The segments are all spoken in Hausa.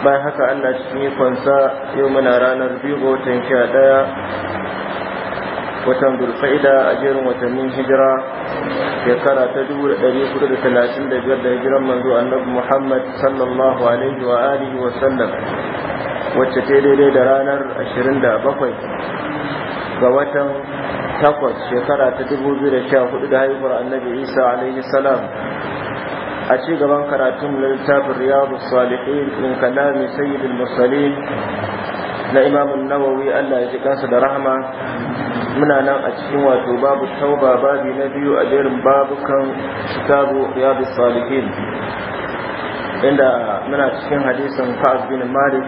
bayan haka Allah cikin ikonsa yau muna ranar biyu ga watan sha ɗaya watan dulfa'ida a jerin watannin hijira shekara ta dubu da ɗari kudu da talatin da biyar da hijiran manzo annabi Muhammad sallallahu alaihi wa alihi wa sallam wacce ta daidai da ranar ashirin da bakwai ga watan takwas shekara ta dubu biyu da sha hudu da haihuwar annabi Isa alaihi salam a ci gaban karatun littafin riyadu salihin min kalami sayyidul mursalin na imamun nawawi Allah ya ji kansa da rahama muna nan a cikin wato babu tauba babi na biyu a jerin babukan kitabu riyadu salihin inda muna cikin hadisin ka'ab bin malik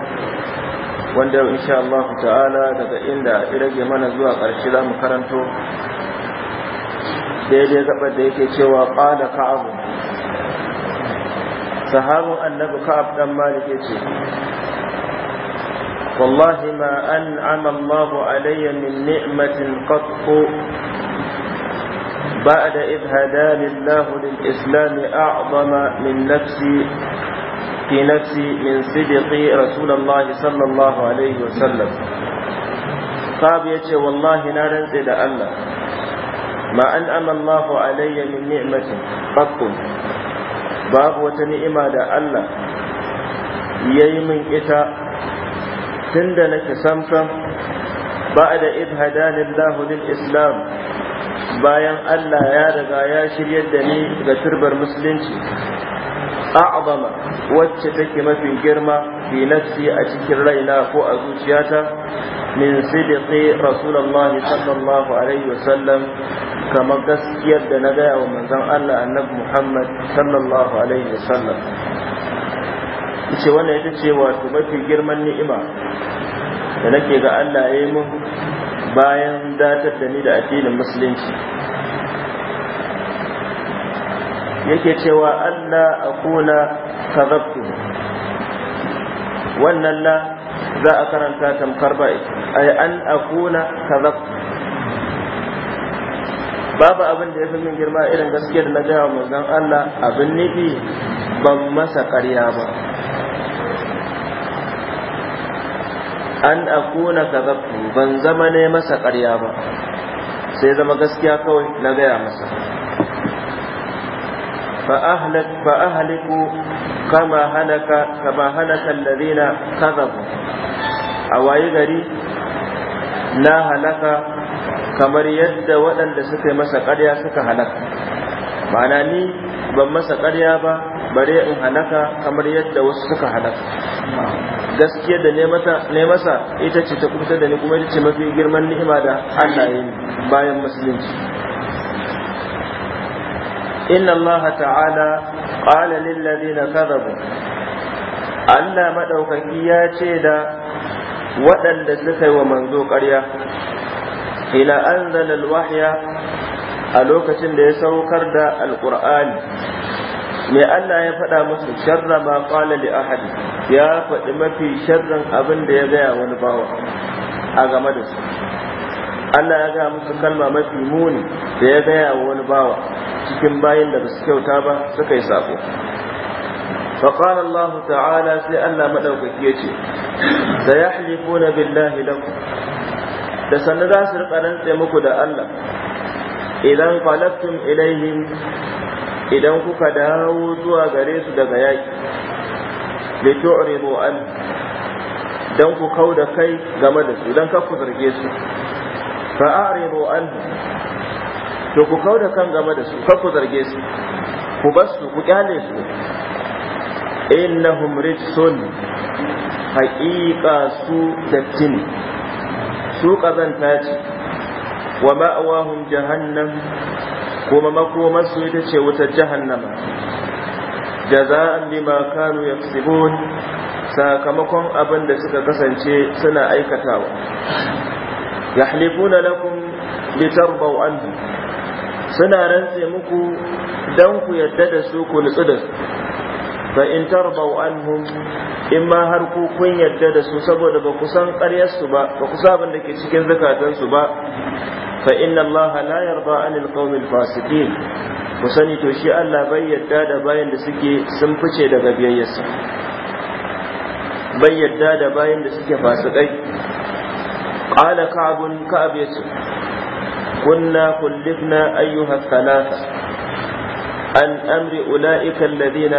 wanda insha Allah ta'ala daga inda ya rage mana zuwa ƙarshe za mu karanto daidai gabar da yake cewa ƙada ka'abu sahabin annabi ka'ab dan malik yace wallahi ma an'ama Allahu alayya min ni'matin qattu بعد إذ هداني الله للإسلام أعظم من نفسي في نفسي من صدق رسول الله صلى الله عليه وسلم خاب يتي والله نارا إلى الله ما أنعم الله علي من نعمة قط babu wata ni'ima da Allah ya yi min ita tun da nake samsam ba da ibhadanin lahulil islam bayan Allah ya riga ya shiryar da ni ga turbar musulunci a'zama wacce take mafi girma fi nafsi a cikin raina ko a zuciyata min sidqi rasulallah sallallahu alaihi wasallam kamar gaskiyar da na gaya wa manzon Allah annabi Muhammad sallallahu alaihi wasallam ce wannan ita ce wato mafi girman ni'ima da nake ga Allah ya yi mun bayan datar da ni da addinin musulunci yake cewa Allah a kuna kazabtu wannan la za a karanta tamkar ba ay an akuna kaza babu abin da ya fi min girma irin gaskiyar na gaya manzon Allah abin nufi ban masa ƙarya ba an akuna kaza ban zama ne masa ƙarya ba sai zama gaskiya kawai na gaya masa فأهلك فأهلك كما هلك كما هلك الذين كذبوا أواي غري لا هلك kamar yadda waɗanda suka yi masa ƙarya suka halaka ma'ana ni ban masa karya ba bare in halaka kamar yadda wasu suka halaka gaskiya da ne masa ita ce ta kusa da ni kuma ita ce mafi girman ni'ima da Allah ya bayan musulunci inna allaha ta'ala qala lil ladina kadhabu Allah madaukaki ya ce da waɗanda suka yi wa manzo karya. Ina anzala alwahya a lokacin da ya saukar da alqur'ani me Allah ya faɗa musu sharra ma qala ahadi ya faɗi mafi sharrin abin da ya gaya wani bawa a game da su Allah ya gaya musu kalma mafi muni da ya gaya wa wani bawa cikin bayin da basu kyauta ba suka yi sako فقال الله تعالى سي الله مدوكي يجي سيحلفون بالله لكم da sannu za su riƙa rantse muku da Allah idan falaftum ilaihim idan kuka dawo zuwa gare su daga yaƙi li tu'ridu an dan ku kau da kai game da su dan ku zarge su fa a'ridu an to ku kauda kan game da su kar ku zarge su ku bar su ku kyale su innahum rijsun haqiqa su dattin su kazanta ce wa ma'awahum jahannam kuma makomar su ita ce wutar jahannama jaza'an bima kanu yaksibun sakamakon abin da suka kasance suna aikatawa yahlifuna lakum litarbaw anhum suna rantse muku dan ku yadda da su ku nutsu da su fa in tarbau anhum in ma har ku kun yadda da su saboda ba ku san su ba ba ku sabon da ke cikin su ba fa inna allaha la yarda anil qawmil ku sani to shi Allah bai yadda da bayan da suke sun fice daga biyayyarsa bai yadda da bayan da suke fasikai qala ka'ab ka'ab yace كنا كلفنا أيها الثلاثة عن أمر أولئك الذين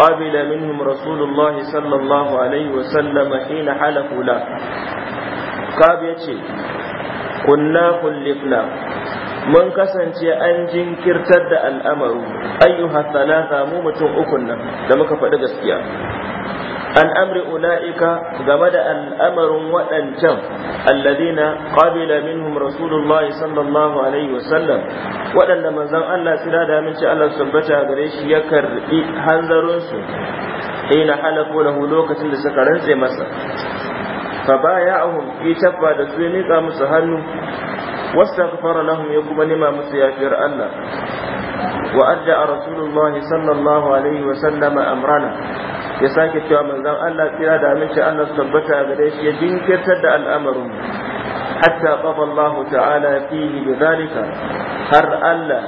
قبل منهم رسول الله صلى الله عليه وسلم حين حلفوا له قابيتي كنا كلفنا من kasance an jinkirtar da al'amaru ayyuha talata mu mutum ukun nan da muka faɗi gaskiya al'amri ula'ika game da al'amarin waɗancan alladina qabila minhum rasulullahi sallallahu alaihi wasallam waɗanda manzon Allah sira da aminci Allah tabbata gare shi ya karbi hanzarinsu hina halafu lahu lokacin da suka rantse masa fa baya'ahum fi tabba da su miƙa musu hannu واستغفر لهم يكما نما مسيافر الله وأدى رسول الله صلى الله عليه وسلم أمرنا ya sake cewa manzon Allah kira da aminci Allah su tabbata gare shi ya jinkirtar da al'amarin hatta qada Allah ta'ala fihi bidhalika har Allah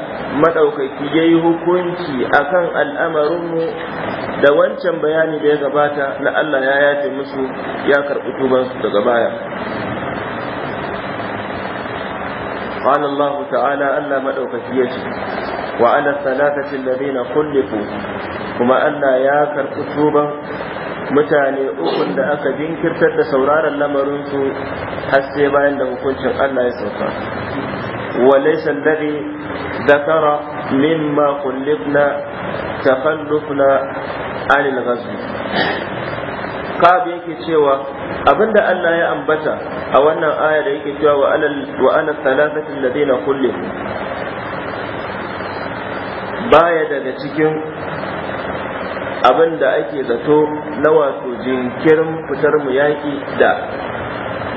madaukaki yayi hukunci akan al'amarin mu da wancan bayani da ya gabata na Allah ya yace musu ya karɓi tubansu daga baya قال الله تعالى ألا مدعوك فيتي wa ala salatati alladhina kullifu kuma Allah ya karɓi tuban mutane ukun da aka jinkirtar da sauraron lamarinsu su har sai bayan da hukuncin Allah ya sauka min laysa alladhi dhakara mimma kullifna takhallufna anil ghazw kabi yake cewa abinda Allah ya ambata a wannan ayar yake cewa wa ala salatati kulle kullifu baya daga cikin abin da ake zato na wato jinkirin fitar mu yaƙi da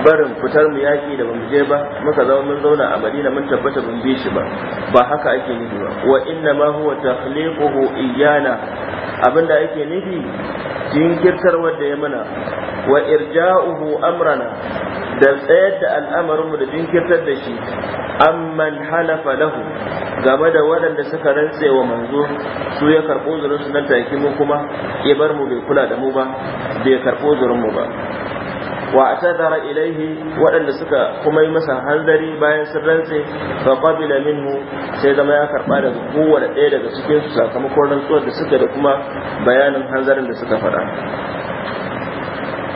barin fitar mu yaƙi da bamu je ba muka zama mun zauna a madina mun tabbata mun bi shi ba ba haka ake nufi ba wa inna ma huwa takhliquhu iyana abinda ake nufi jinkirtar wanda ya mana wa irja'uhu amrana da tsayar da al'amarin mu da jinkirtar da shi amman halafa lahu game da waɗanda suka rantse wa manzo su ya karɓo zurin su nan take mu kuma ya bar mu bai kula da mu ba bai karɓo zurin mu ba wa atadara ilaihi waɗanda suka kuma yi masa hanzari bayan sun rantse fa qabila minhu sai zama ya karɓa daga kowane ɗaya daga cikin su sakamakon rantsuwar da suka da kuma bayanin hanzarin da suka faɗa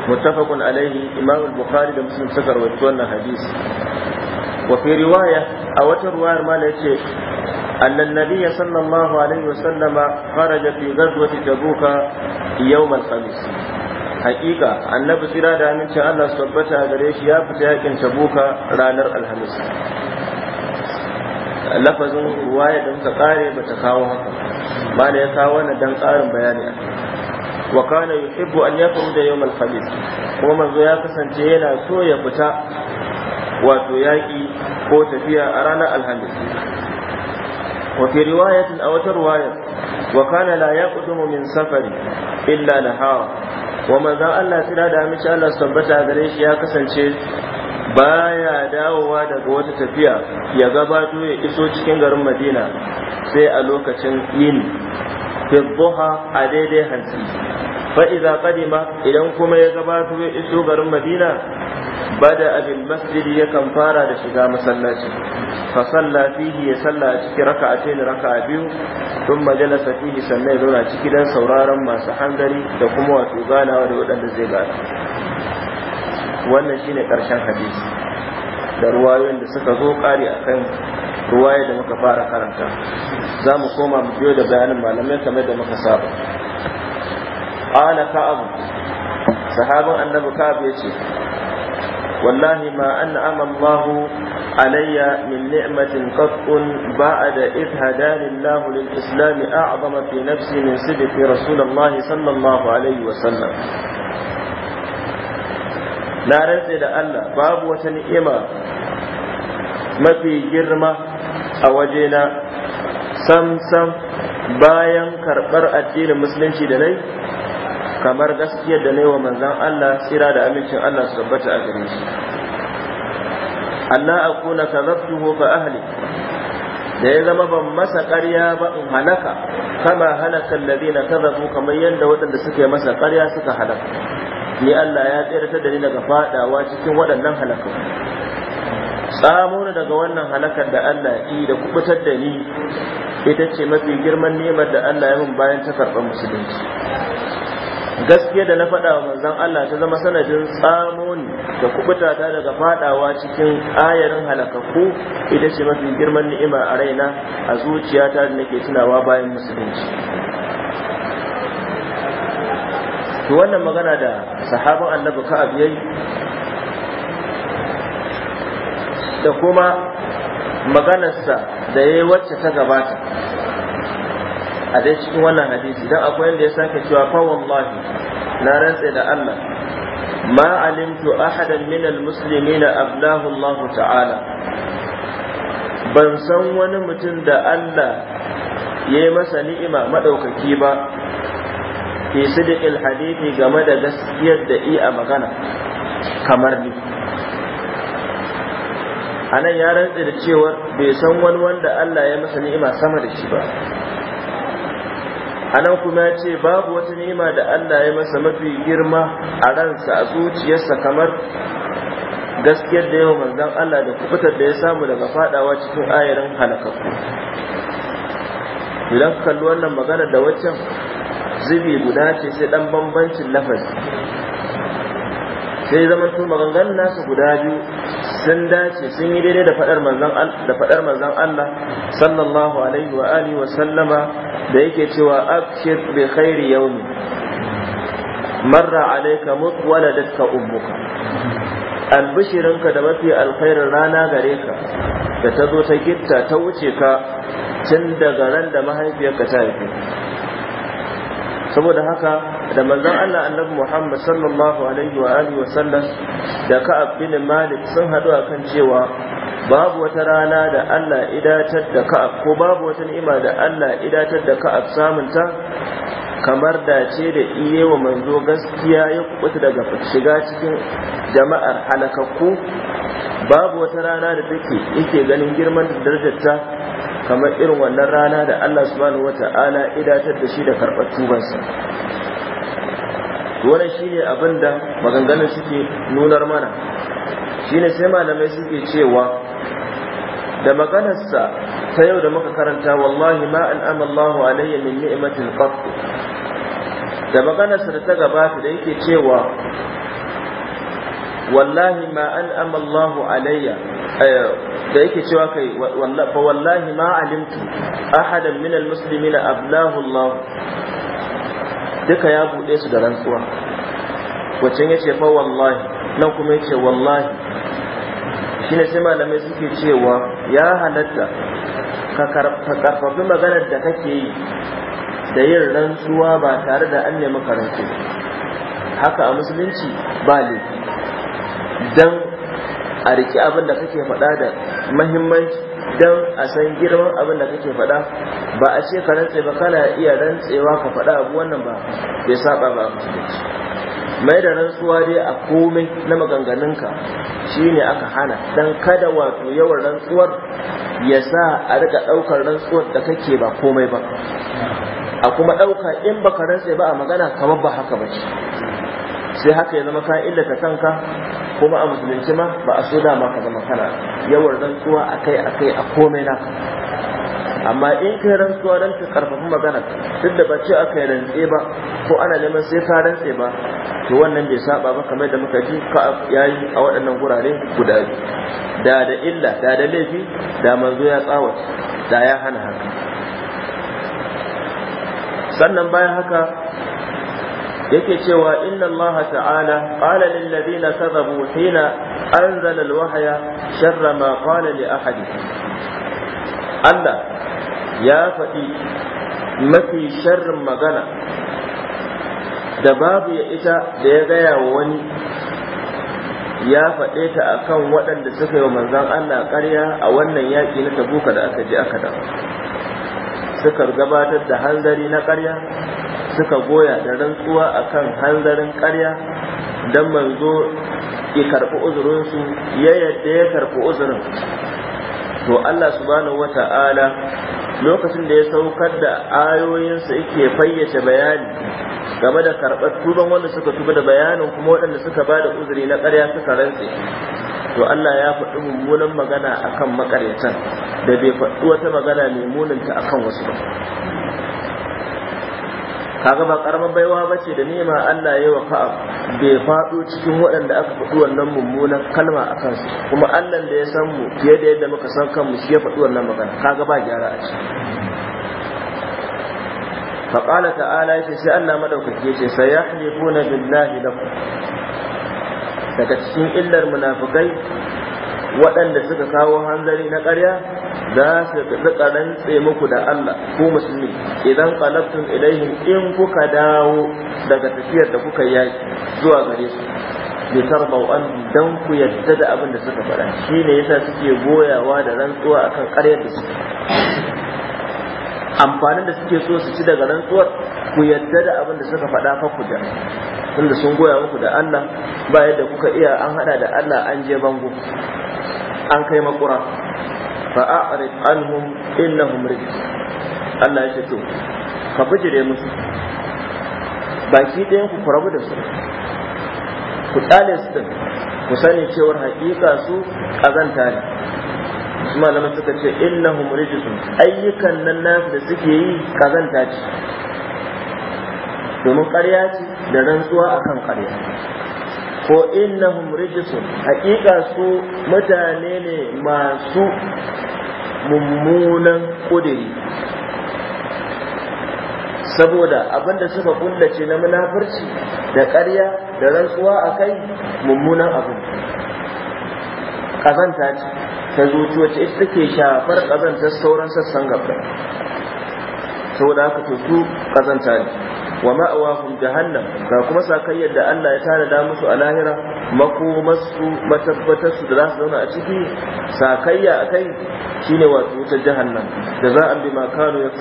متفق alaihi imam al-bukhari da muslim suka wannan wa fi riwaya a wata ruwayar mala yace annan nabiyya sallallahu alaihi wasallama kharaja fi ghazwati tabuka yawm al-khamis hakika annabi tsira da amincin Allah su tabbata a shi ya fita yakin tabuka ranar alhamis lafazin ruwaya da muka kare bata kawo haka mala ya kawo wannan dan karin bayani wa kana yuhibbu an yafuda yawm al-khamis kuma manzo ya kasance yana so ya fita wato yaki ko tafiya a ranar alhamis wa fi riwayatin a wata riwayar wa kana la yaqudumu min safari illa hawa. wa maza Allah tsira da amince Allah tabbata gare shi ya kasance baya dawowa daga wata tafiya ya gabato ya iso cikin garin Madina sai a lokacin yin fi a daidai hantsi fa idza qadima idan kuma ya gabato ya iso garin madina bada abin masjidi yakan fara da shiga masallaci fa salla fihi ya salla a cikin raka'atayn raka'a biyu don jalasa fihi sannan ya zauna ciki dan sauraron masu hangari da kuma wato gana da waɗanda zai gana wannan shine karshen hadisi da ruwayoyin da suka zo kare akan ruwaya da muka fara karanta za mu koma mu biyo da bayanin malamai kamar da muka saba qala ka'ab sahaban annabi ka'ab yace wallahi ma an'ama Allah alayya min ni'matin qatun ba'da id hadani Allah lil islam a'zama fi nafsi min sidqi rasulullah sallallahu alayhi wa sallam na rantse da Allah babu wata ni'ima mafi girma a wajena sam sam bayan karɓar addinin musulunci da nai kamar gaskiyar da na wa manzan Allah tsira da amincin Allah su tabbata a gare shi Allah akuna kazabtuhu fa ahli da ya zama ban masa karya ba in halaka kama halaka alladhina kazabu kamar yadda waɗanda suka yi masa karya suka halaka ni Allah ya tsirata da ni daga fadawa cikin waɗannan halaka tsamo ni daga wannan halakar da Allah yi da kubutar da ni ita ce mafi girman nemar da Allah ya mun bayan ta karɓar musulunci gaskiya da na faɗa wa manzon Allah ta zama sanadin tsamo da kubuta ta daga fadawa cikin ayarin halakakku ita ce mafi girman ni'ima a raina a zuciyata da nake tunawa bayan musulunci to wannan magana da sahaban annabi ka'ab yayi da kuma maganarsa da yayi wacce ta gabata a dai cikin wannan hadisi dan akwai wanda ya saka cewa fa wallahi na rantse da Allah ma alimtu ahadan min almuslimina ablahu Allah ta'ala ban san wani mutum da Allah yayi masa ni'ima madaukaki ba fi sidiqil hadithi game da gaskiyar da i a magana kamar ni anan ya rantse da cewa bai san wani wanda Allah ya masa ni'ima sama da shi ba anan kuma ya ce babu wata nema da Allah ya masa mafi girma a ransa a zuciyarsa kamar gaskiyar da yawa manzan Allah da kubutar da ya samu daga fadawa cikin ayarin halakakku idan kalli wannan magana da waccan zubi guda ce sai dan bambancin lafazi sai zaman to maganganun nasa guda biyu sun dace sun yi daidai da faɗar manzan Allah sallallahu alaihi wa alihi wa sallama da yake cewa abshir bi khairi yawm marra alayka waladatka ummuka albishirinka da mafi alkhairin rana gare ka da ta zo ta gitta ta wuce ka tun daga ran da mahaifiyarka ta haifi saboda haka da manzon Allah annabi Muhammad sallallahu alaihi wa alihi wa sallam da Ka'ab bin Malik sun hadu akan cewa babu wata rana da Allah idatar da Ka'ab ko babu wata ni'ima da Allah idatar da Ka'ab ta kamar dace da iye wa manzo gaskiya ya kubuta daga shiga cikin jama'ar halakakku babu wata rana da take yake ganin girman darajarta kamar irin wannan rana da Allah subhanahu wata'ala idatar da shi da karɓar tubansa wannan shine abin da maganganun suke nunar mana shine sai malamai suke cewa da maganarsa ta yau da muka karanta wallahi ma an amallahu alayya min ni'matin qat da maganarsa da ta gabata da yake cewa wallahi ma an amallahu alayya eh, da yake cewa kai fa wallahi ma alimtu ahadan min almuslimina ablahu Allah duka ya buɗe su da rantsuwa wacce ya ce fa wallahi nan kuma ya ce wallahi shine sai malamai suke cewa ya halatta ka karfafi maganar da kake yi da yin rantsuwa ba tare da an nemi karatu. haka a musulunci ba laifi dan a riki abin da kake faɗa da mahimmanci don a san girman abin da kake faɗa ba a ce ka rantse ba kana iya rantsewa ka faɗa abu wannan ba bai saba ba musulunci mai da rantsuwa dai a komai na maganganunka shine aka hana don kada wato yawan rantsuwar ya sa a rika ɗaukar rantsuwar da kake ba komai ba a kuma ɗauka in baka rantse ba a magana kamar ba haka ba sai haka ya zama ka illata kanka kuma a musulunci ma ba a so dama ka zama kana yawar rantsuwa a kai a kai a komai na amma in kai rantsuwa don ka karfafi magana duk da ba ce aka yi rantse ba ko ana neman sai ka rantse ba to wannan bai saba ba kamar da muka ji ka yayi a waɗannan gurare guda da da illa da da laifi da manzo ya tsawata da ya hana haka sannan bayan haka yake cewa inna Allah ta'ala qala lil ladina kadhabu hina anzala al wahya sharra ma qala li ahad Allah ya faɗi mafi sharrin magana da babu ya ita da ya gaya wa wani ya faɗe ta akan waɗanda suka yi wa manzan Allah ƙarya a wannan yaƙi na tabuka da aka je aka dawo suka gabatar da hanzari na ƙarya suka goya da rantsuwa a kan hanzarin ƙarya don manzo ya karɓi uzurinsu ya yadda ya karɓi uzurin to Allah subhanahu wata'ala lokacin da ya saukar da ayoyinsa yake fayyace bayani game da karɓar tuban wanda suka tuba da bayanin kuma waɗanda suka ba da uzuri na ƙarya suka rantse to Allah ya faɗi mummunan magana akan makaryatan da bai faɗi wata magana mai munanta akan wasu ba kaga ba karamar baiwa bace da nima Allah ya wa ka'a bai faɗo cikin waɗanda aka faɗi wannan mummunan kalma a kansu kuma Allah da ya san mu fiye da yadda muka san kanmu shi ya faɗi wannan magana kaga ba gyara a ciki فقال sai, allah سي الله مدوكاكي يشي سيحلفون billahi lakum daga cikin illar munafikai waɗanda suka kawo hanzari na ƙarya za su rika rantse muku da Allah ku musulmi idan qalabtum ilaihim in kuka dawo daga tafiyar da kuka yaki zuwa gare su bi tarbau an dan ku yadda da abin da suka faɗa shine yasa suke goyawa da rantsuwa akan ƙaryar da suke amfanin da suke so su ci daga rantsuwar ku yadda da abin da suka faɗa fa ku da tunda sun goya muku da Allah ba yadda kuka iya an hada da Allah an je bango an kai makura fa a'rid anhum innahum rijs Allah ya ce to ka bijire musu baki ɗayan ku kurabu da su ku tsale su din ku sani cewar haƙiƙa su kazanta ne su malaman suka ce innahum rijs ayyukan nan na da suke yi kazanta ce domin ƙarya ce da rantsuwa akan ƙarya ko innahum rijsun haƙiƙa su mutane ne masu mummunan kudiri saboda abinda suka kullace na munafurci da ƙarya da rantsuwa a kai mummunan abu ƙazanta ce ta zuci wacce ita take shafar ƙazantar sauran sassan gaba saboda haka to su ƙazanta ne wa ma'awahum jahannam ga kuma sakayyar da Allah ya tanada musu a lahira makomarsu matabbatar su da za su zauna a ciki sakayya a kai shine wato wutar jahannam da za a bi makanu ya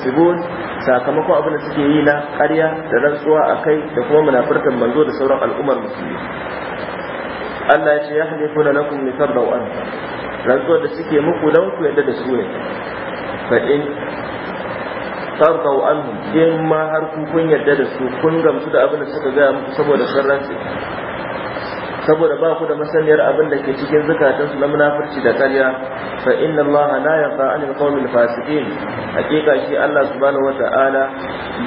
sakamakon abin da suke yi na ƙarya da rantsuwa a kai da kuma munafurtan manzo da sauran al'ummar musulmi Allah ya ce ya na lakum li tardaw an rantsuwar da suke muku dan ku yadda da su ne fa in tarqau anhum in ma har ku kun yarda da su kun gamsu da abin da suka gaya muku saboda sarran saboda ba ku da masaniyar abin da ke cikin zukatansu na munafurci da kariya fa inna allaha la yaqa an alqawmil fasiqin hakika shi Allah subhanahu wata'ala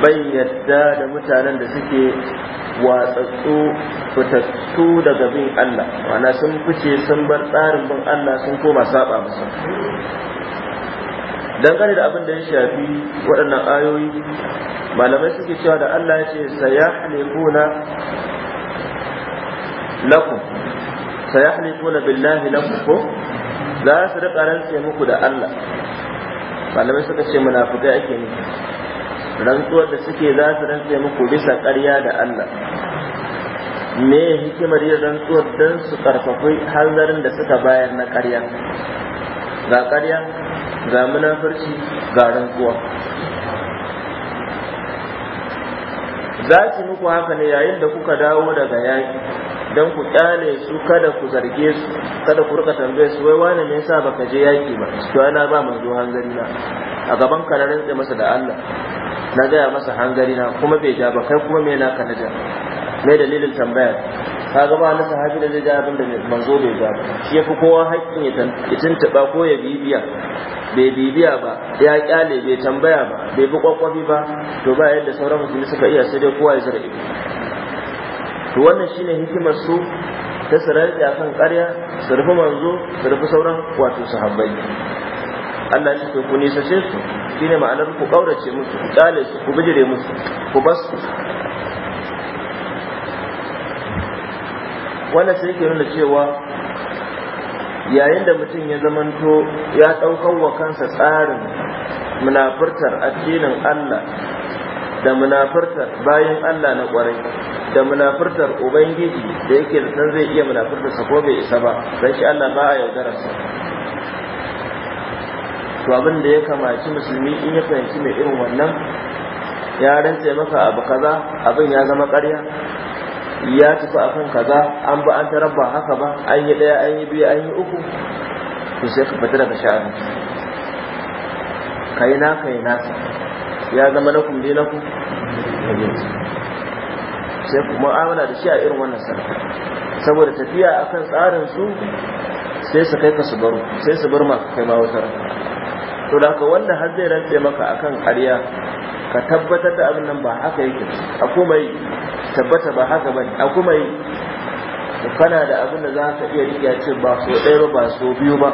bai yadda da mutanen da suke watsatsu fitattu daga bin Allah ma'ana sun fice sun bar tsarin bin Allah sun koma saba musu. dangane da abin da ya shafi waɗannan ayoyi malamai suke cewa da Allah ya ce sayahlifuna lakum sayahlifuna billahi lakum ko za su riƙa rantse muku da Allah malamai suka ce munafikai ake nufi rantsuwar da suke za su rantse muku bisa ƙarya da Allah me hikimar yin rantsuwar don su ƙarfafi hanzarin da suka bayar na ƙarya ga ƙarya ga munafarci ga rantsuwa za su muku haka ne yayin da kuka dawo daga yaƙi don ku kyale su kada ku zarge su kada ku rika tambaye su wai wane me yasa baka je yaƙi ba to ana ba zo hanzari na a gaban ka na rantse masa da Allah na gaya masa hanzari na kuma bai ja ba kai kuma me na ka na ja mai dalilin tambayar ka ga ba na sahabi da zai ga abin da manzo bai ga shi yafi kowa haƙƙin ya tuntuɓa ko ya bibiya bai bibiya ba ya kyale bai tambaya ba bai bi kwakwafi ba to ba yadda sauran musulmi suka iya sai dai kowa ya zira ido to wannan shine hikimar su ta sarari akan ƙarya su rufe manzo su rufe sauran wato sahabbai Allah shi ku nisace su shine ma'anar ku kaurace musu ku kyale su ku bijire musu ku bas wannan sai ke nuna cewa yayin da mutum ya zamanto ya ɗaukar wa kansa tsarin munafurtar addinin Allah da munafurtar bayan Allah na ƙwarai da munafurtar Ubangiji da yake da san zai iya munafurtarsa ko bai isa ba dan shi Allah ba a yaudararsa to abin da ya kamaci musulmi in ya fahimci mai irin wannan ya rantse maka abu kaza abin ya zama ƙarya ya tafi kan kaza an ba an tarabba haka ba an yi daya an yi biyu an yi uku to sai ka fita daga sha'ani kai na kai na ya zama na kumbi na ku sai ku mu'amala da shi a irin wannan sana saboda tafiya akan tsarin su sai su kai ka su baro sai su bar maka kai ma wata to da ka wanda har zai rantse maka akan ƙarya ka tabbatar da abin nan ba haka yake a komai tabbata ba haka ba a kuma yi kana da abin da za ka iya riƙe ce ba so ɗaya ba ba so biyu ba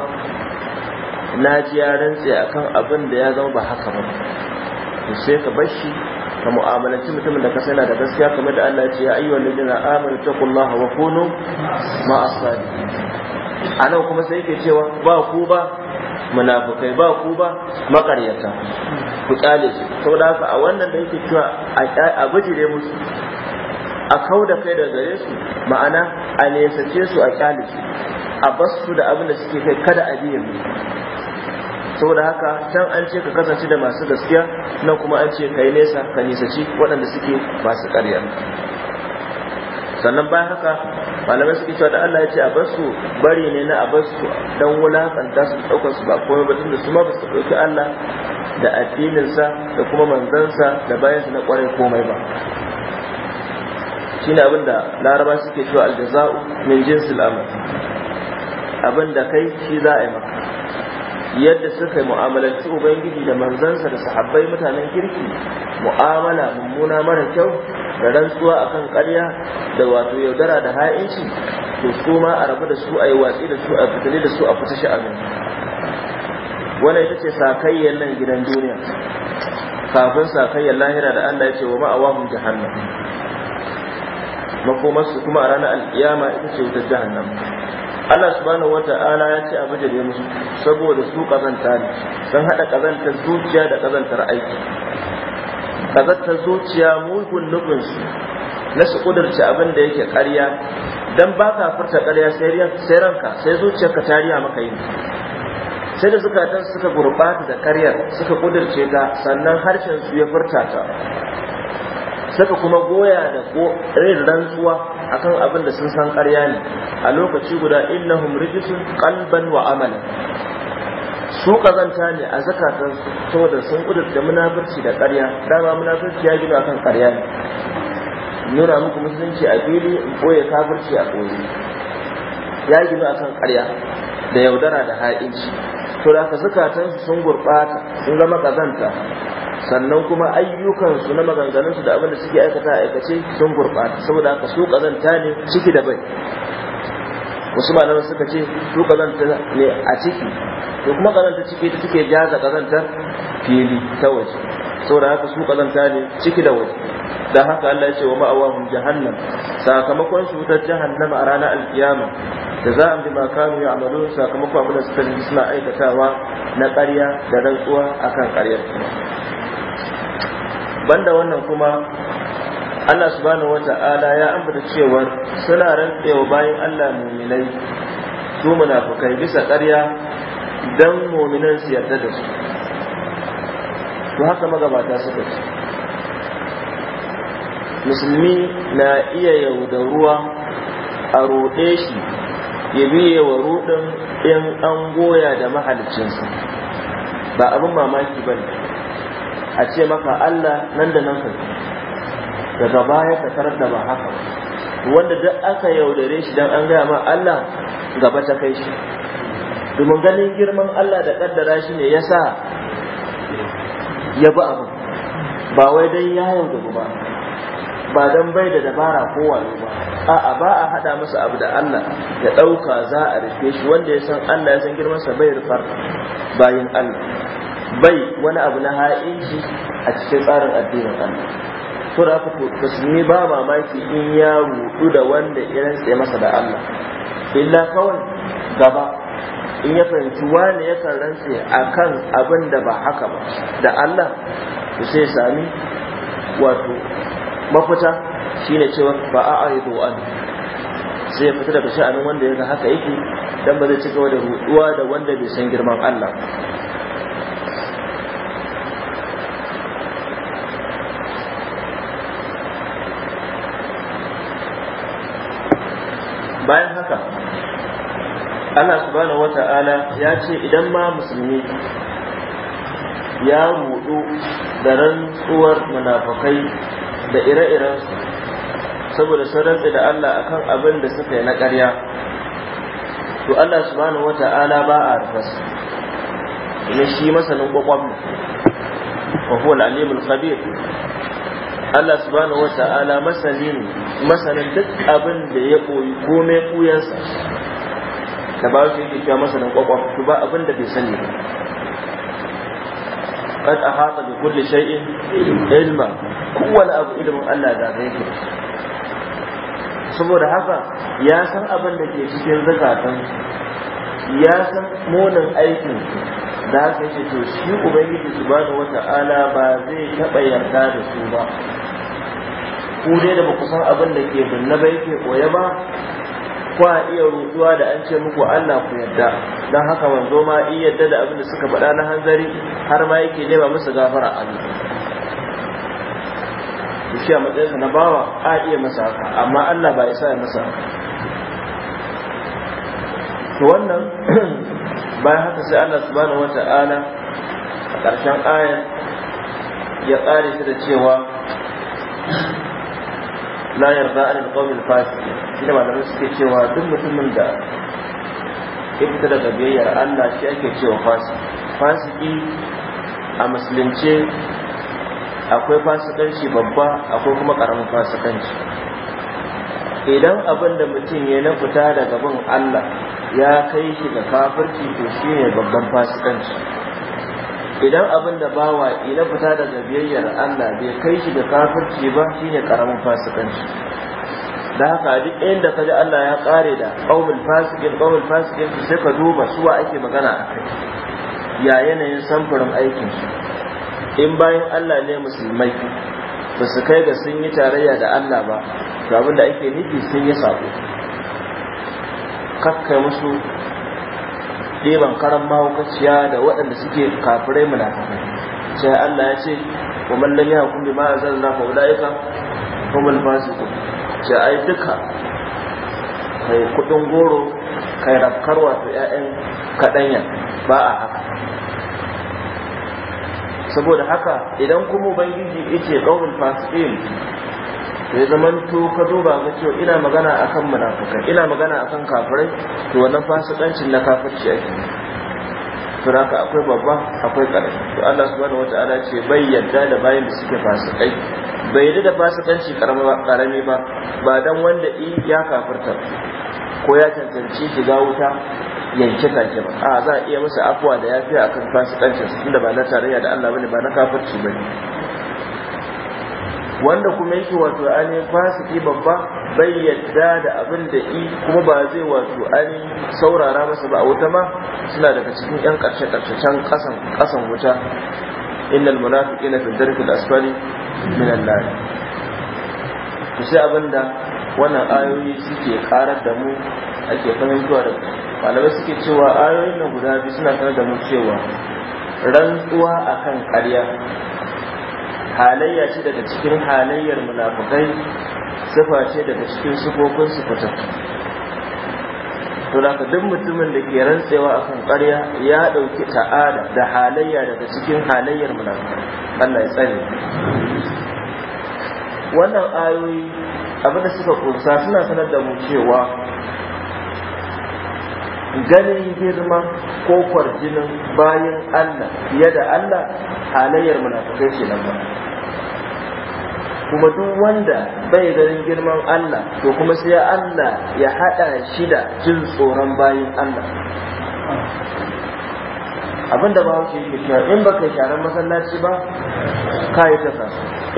na ji ya rantse akan abin da ya zama ba haka ba to sai ka bar shi ka mu'amalanci mutumin da ka sana da gaskiya kamar da Allah ya ce ya ayyuhal ladina amanu taqullaha wa kunu A anan kuma sai yake cewa ba ku ba munafukai ba ku ba makaryata ku kyale su da haka a wannan da yake cewa a bijire musu a kau da kai da gare su ma'ana a nesace su a kyalisi su a basu da abin da suke kai kada a biye mu saboda haka can an ce ka kasance da masu gaskiya nan kuma an ce ka yi nesa ka nisaci waɗanda suke masu ƙarya sannan bayan haka malamai suke cewa da Allah ya ce a basu bari ne na a basu dan wulakanta su ɗaukar su ba komai ba tunda su ma ba su ɗauki Allah da addininsa da kuma manzansa da bayansa na ƙwarai komai ba shine abin da laraba suke cewa aljaza'u min jinsil al'amal abin kai shi za a yi maka yadda suka mu'amalanci ubangiji da manzansa da sahabbai mutanen kirki mu'amala mummuna mara kyau da rantsuwa akan ƙarya da wato yaudara da ha'inci to su ma a rabu da su a yi watsi da su a fitali da su a fita sha'anin wannan ita ce sakayyar nan gidan duniya kafin sakayyar lahira da Allah ya ce wa ma'awahum jahannam makomarsu kuma a ranar alkiyama ita ce wutar jahannam Allah subhanahu wata'ala ya ce abu jare musu saboda su kazanta ne sun haɗa kazantar zuciya da kazantar aiki kazantar zuciya mugun nufin su na su kudurci abin da yake ƙarya dan ba ka furta ƙarya sai ranka sai zuciyarka ta riya maka yi sai da zukatan suka gurɓata da ƙaryar suka kudurce ta sannan harshen su ya furta ta saka kuma goya da rin rantsuwa akan abin da sun san ƙarya ne a lokaci guda innahum rijisun qalban wa amala su kazanta ne a zakatan saboda sun da munafurci da ƙarya dama munafurci ya gina akan ƙarya ne nuna muku musulunci a fili in koya kafirci a koyi ya gina akan ƙarya da yaudara da ha'inci to da zukatan sun gurɓata sun zama kazanta sannan kuma ayyukansu na maganganunsu da abin da suke aikata a aikace sun gurɓata saboda haka su kazanta ne ciki da bai wasu malaman suka ce su kazanta ne a ciki to kuma kazanta ciki ta suke jaza kazantar fili ta waje saboda haka su kazanta ne ciki da waje Da haka Allah ya ce wa ma'awahum jahannam sakamakon su wutar jahannama a ranar alkiyama da za a bi ma kanu ya amalu sakamakon abu da suka ji suna aikatawa na ƙarya da rantsuwa akan ƙaryar banda wannan kuma Allah subhanahu wata'ala ya ambata cewa suna rantsewa bayan Allah muminai su munafukai bisa ƙarya don muminan su yarda da su to haka magabata suka ce musulmi na iya yaudaruwa a ruɗe shi ya biye wa ruɗin in an goya da mahalicinsa ba abin mamaki ba ne a ce maka Allah nan da nan ka daga baya ka tarar da ba haka wanda duk aka yaudare shi dan an gaya ma Allah gaba ta kai shi domin ganin girman Allah da kaddara shi ne ya sa. ya bi abu ba wai dai ya yau da ba ba dan bai da dabara ko wayo ba a'a ba a hada masa abu da Allah ya dauka za a rufe shi wanda ya san Allah ya san girman sa bai rufar bayin Allah bai wani abu na ha'inci a cikin tsarin addinin Allah to da ku musulmi ba mamaki in ya rudu da wanda ya sai masa da Allah illa kawai gaba in ya fahimci wani yakan a kan abin da ba haka ba da Allah da sai sami wato mafita shine cewa ba a aido an sai ya fita daga sha'anin wanda ya haka yake dan ba zai cika da ruduwa da wanda bai san girman Allah bayan haka Allah subhanahu wata'ala ya ce idan ma musulmi ya rudu da rantsuwar munafakai da ire-irensu saboda sun rantsi da Allah akan abin da suka yi na ƙarya to Allah subhanahu wata'ala ba a rufasa ne shi masanin kwakwam wa huwa al-alimul khabir Allah subhanahu wata'ala masanin masanin duk abin da ya koyi komai kuyansa da ba su yake masa masanin kwakwa to ba abin da bai sani ba kad ahata bi kulli shay'in ilma kowane abu ilimin Allah da zai ke. saboda haka ya san abin da ke cikin zakatan ya san monin aikin da aka yake to shi ubangiji subhanahu wata'ala ba zai taɓa yarda da su ba ku dai da ba ku san abin da ke binne ba yake koya ba kwa iya rutuwa da an ce muku Allah ku yadda don haka wanzo ma in yadda da abin da suka faɗa na hanzari har ma yake nema musu gafara a shi a matsayinsa na bawa a iya masa haka amma Allah ba isa ya masa to wannan bayan haka sai Allah subhanahu wata'ala a ƙarshen ayar ya ƙare shi da cewa la yarda an alqawm alfasiq shi da malamin suke cewa duk mutumin da ya fita daga biyayyar Allah shi ake cewa fasik fasiki a musulunce akwai fasikanci babba akwai kuma karamin fasikanci idan abin da mutum ya na fita daga bin Allah ya kai shi ga kafirci to shi ne babban fasikanci idan abin da bawa ina fita daga biyayyar Allah bai kai shi da kafirci ba shine karamin fasikanci da haka duk inda ka ji Allah ya kare da qaumul fasikin qaumul fasikin sai ka duba suwa ake magana a kai ya yanayin samfurin aikin su in bayan Allah ne musulmai ba su kai ga sun yi tarayya da Allah ba to abin da ake nufi sun yi sako kakkai musu ɗiban karan mahaukaciya da waɗanda suke kafirai munafikai sai Allah ya ce wa man lam zan bima anzalna fa ulaika humul fasiqun sai ai duka kai kudin goro kai rafkar wato ƴaƴan kaɗanya ba a haka saboda haka idan kuma ubangiji yace qaulul fasiqin sai zaman to ka duba ga cewa ina magana akan munafikai ina magana akan kafirai to wannan fasikancin na kafirci ake to haka akwai babba akwai ƙarfi to Allah subhanahu wataala ce bai yadda da bayan da suke fasikai bai yadda da fasikanci karami ba ba dan wanda i ya kafirta ko ya cancanci ga wuta yanke take ba a za a iya masa afuwa da yafiya akan fasikancin inda ba na tarayya da Allah bane ba na kafirci bane wanda kuma yake wato ani fasiki babba bai yadda da abin da i kuma ba zai wato ani saurara masa ba a wuta ma suna daga cikin yan karshe karshe can kasan kasan wuta innal munafiqina fi dharki al-asfali min an-nar to sai abinda wannan ayoyi suke karar da mu ake fahimtuwa da malamai suke cewa ayoyin nan guda biyu suna sanar da mu cewa rantsuwa akan ƙarya halayya ce daga cikin halayyar munafukai sufa ce daga cikin su sifatar to da duk mutumin da ke rantsewa a kan ƙarya ya ɗauki ta'ada da halayya daga cikin halayyar munafukai Allah ya tsare wannan ayoyi abin da suka kunsa suna sanar da mu cewa ganin girma ko kwarjinin bayan Allah fiye da Allah halayyar munafukai ce nan ba kuma duk wanda bai ganin girman Allah to kuma sai Allah ya hada shi da jin tsoron bayin Allah abin da bahaushe yake cewa in baka share masallaci ba ka yi ta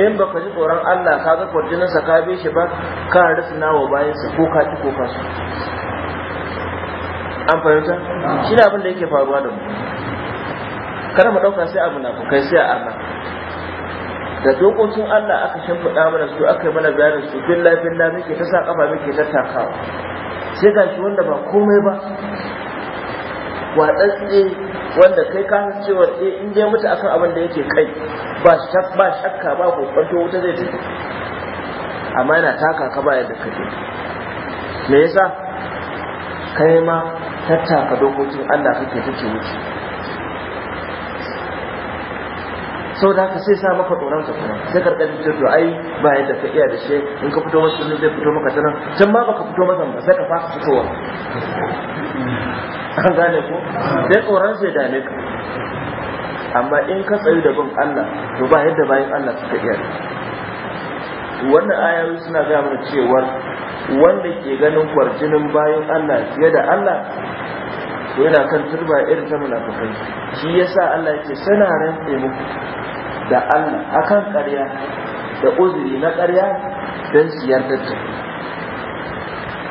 in baka ji tsoron Allah ka ga sa ka bi shi ba ka nawa wa sa ko ka ci ko ka su an fahimta shi ne abin da yake faruwa da mu kada mu ɗauka sai abu na kai sai a Allah da dokokin Allah aka shimfiɗa mana su aka yi mana bayanin su lafin billa muke ta sa kafa muke ta takawa sai ga shi wanda ba komai ba watsatse wanda kai ka cewa eh in je mutu akan abin da yake kai ba ba shakka ba kwanto wuta zai tafi amma yana taka ka ba yadda kake me yasa kai ma tattaka dokokin Allah kake take wuce Sau da haka sai sa maka tsoron ka kuma sai karɓar da to ai ba yadda ka iya da shi in ka fito masu masa zai fito maka ta nan can ma baka fito masa ba sai ka fasa fitowa an gane ko sai tsoron sai dame ka amma in ka tsayu da bin Allah to ba yadda bayan Allah suka iya da wannan ayoyi suna gaya mana cewar wanda ke ganin kwarjinin bayan Allah fiye da Allah to yana kan turba irin ta munafikai shi yasa Allah yake sana ran muku da Allah akan ƙarya da uzuri na ƙarya don siyar da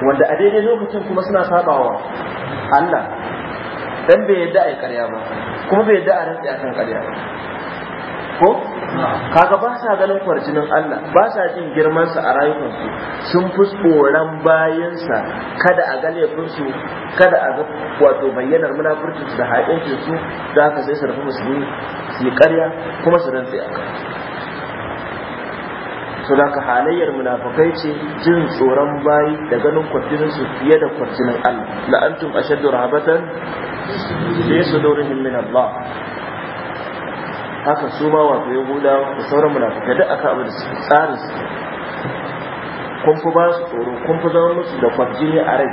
wanda a daidai lokacin kuma suna sabawa Allah dan bai yadda a yi ƙarya ba kuma bai yadda a rantsi akan ƙarya ba ko kaga ba sa ganin kwarjinin Allah ba sa jin girmansa a rayukansu sun fi tsoron sa, kada a gane su kada a ga wato bayyanar munafurcinsu da haƙincin su da haka sai su musulmi su yi ƙarya kuma su rantse a ka. su da ka halayyar munafakai ce jin tsoron bayi da ganin kwarjinin su fiye da kwarjinin Allah la'antum ashaddu rahabatan fi sudurihim min Allah haka su ma wato yahuda da sauran munafikai duk aka abu da su tsari su kun fi ba su tsoro kun fi zama musu da kwarjini a rai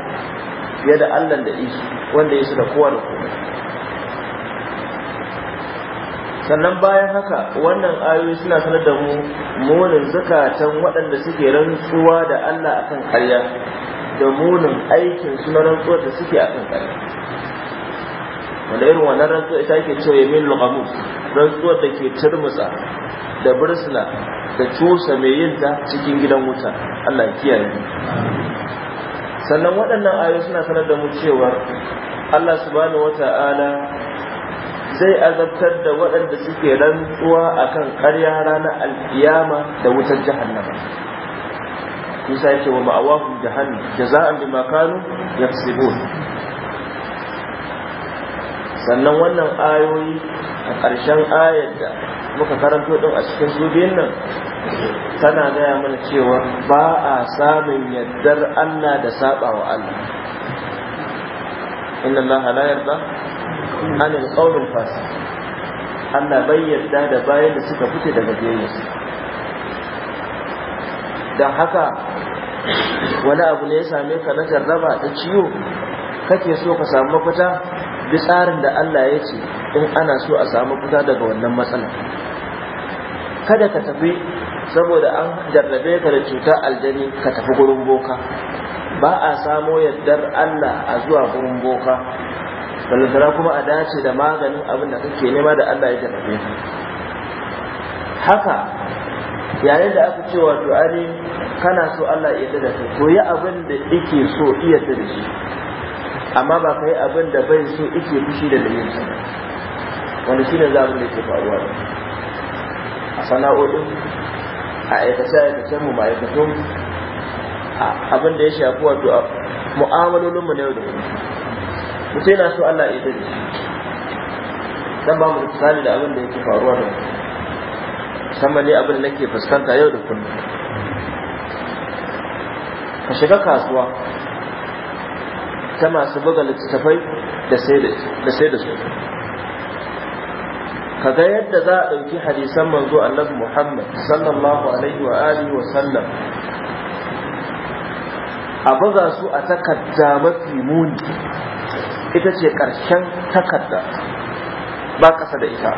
fiye da allan da isu wanda ya su da kowa da kowa sannan bayan haka wannan ayoyi suna sanar da mu munin zakatan waɗanda suke rantsuwa da allah akan karya da munin aikin su na rantsuwar da suke akan karya wanda irin wannan rantsuwa ita ke cewa yamin lugamu rantsuwa da ke turmusa da bursuna da cusa mai yin ta cikin gidan wuta Allah kiyaye sannan waɗannan ayoyi suna sanar da mu cewa Allah subhanahu wata'ala zai azabtar da waɗanda suke rantsuwa akan ƙarya ranar alkiyama da wutar jahannama Musa yake wa ma'awahum jahannam jaza'an bima kanu yaksibun sannan wannan ayoyi a ƙarshen ayar da muka karanto ɗin a cikin zubin nan tana gaya mana cewa ba a samun yardar Allah da saba wa Allah inna Allah la yarda an al fasi Allah bai yarda da bayan da suka fice daga jerin dan haka wani abu ne ya same ka na jarraba ta ciwo kake so ka samu mafita Bi tsarin da Allah ya ce in ana so a samu kusa daga wannan matsala kada ka tafi saboda an jarrabe ka da cuta aljani ka tafi gurin boka ba a samo yardar Allah a zuwa gurin boka balantana kuma a dace da maganin abin da kake nema da Allah ya jarrabe ka haka yayin da aka ce wato ani kana so Allah ya yarda da kai to yi abin da yake so iya da shi amma ba kai abin da bai so yake fushi da dalilin sa wanda shi ne zamu da ke faruwa a sana'o'in a aikace aikacen mu ma'aikatun abin da ya shafi wato mu'amalolin mu na yau da kuma. mutum yana so Allah ya dade dan ba mu misali da abin da yake faruwa da musamman ne abin da nake fuskanta yau da kullum ka shiga kasuwa ta masu buga littattafai da sai da su kaga yadda za a ɗauki hadisan manzo annabi Muhammad sallallahu alaihi wa alihi wa sallam a buga su a takarda mafi muni ita ce ƙarshen takarda ba ƙasa da ita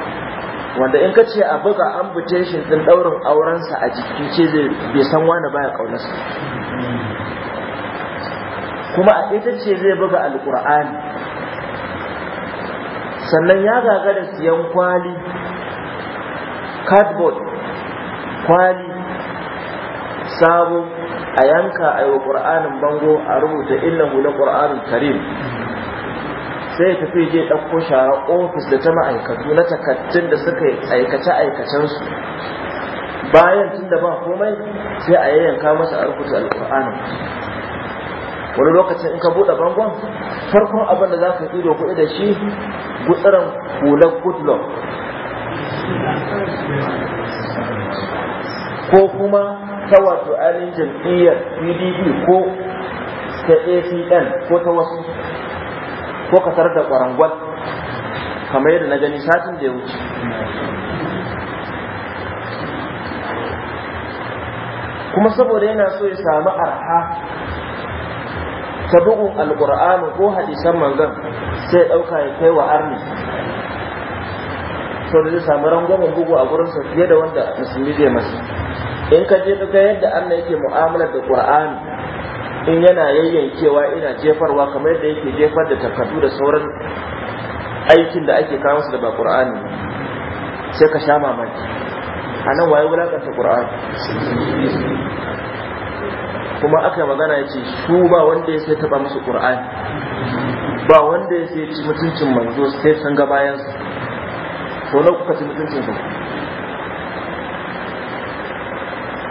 wanda in ka ce a buga shi ɗin ɗaurin aurensa a jikin ce bai san wani baya ƙaunarsa kuma ita ce zai buga alkur'ani sannan ya gaga da siyan kwali cardboard kwali sabo a yanka a yi wa ƙur'anin bango a rubuta illan hula ƙur'anin karim sai tafi je ɗauko shara ofis da ta ma'aikatu na takattun da suka aikace-aikacensu bayan tun da ba komai sai a yayyanka masa a rubuta alƙur'anin wani lokacin in ka buɗe bangon farkon abin da za ka ido kuɗi da shi gutsiran kula goodluck ko kuma ta wato ainihin jam'iyyar pdp ko ta acn ko ta wasu ko ka tarar da ƙwarangwal kamar yadda na gani satin da ya wuce kuma saboda yana so ya samu arha ta bugun alƙur'ani ko hadisan manzon sai ɗauka ya kai wa arni sau da zai samu rangwamen bugu a gurinsa fiye da wanda musulmi zai masa in ka je ga yadda Allah yake mu'amalar da Qur'ani in yana yayyankewa ina jefarwa kamar yadda yake jefar da takardu da sauran aikin da ake kawo su da ba Qur'ani sai ka sha mamaki a nan waye wulakanta Qur'ani kuma aka magana ya ce su ba wanda ya sai taba musu qur'ani ba wanda ya sai ci mutuncin manzo sai sun ga bayan su to kuka ci mutuncin su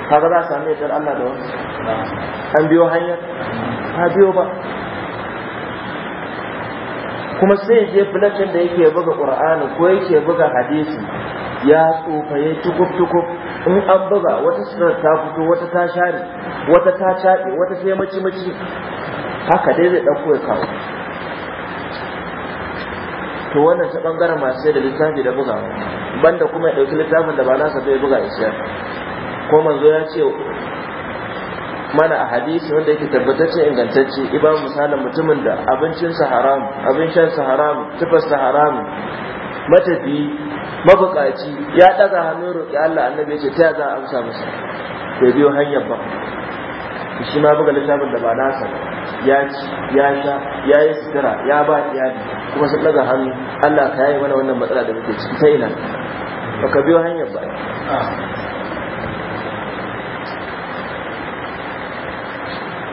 kaga za a sami yadda Allah da wani an biyo hanyar ba biyo ba kuma sai je filatin da yake buga qur'ani ko yake buga hadisi ya tsofa ya tukuf tukuf in an buga wata sirar ta fito wata ta share wata ta caɓe wata sai maci maci haka dai zai ɗauko ya kawo to wannan ta ɓangaren masu sai da littafi da buga banda kuma ya ɗauki littafin da ba nasa zai buga isiyar ko manzo ya ce mana a hadisi wanda yake tabbatacce ingantacce iban misalin mutumin da abincinsa haram abin shansa haram tufarsa haram matafi mabukaci ya daga hannun roƙi Allah annabi ya ce ta za a amsa masa bai biyo hanyar ba shi ma buga littafin da ba nasa ya ci ya sha ya yi sutura ya ba bi, kuma sun daga hannu Allah ka yi mana wannan matsala da muke ciki ta ina baka biyo hanyar ba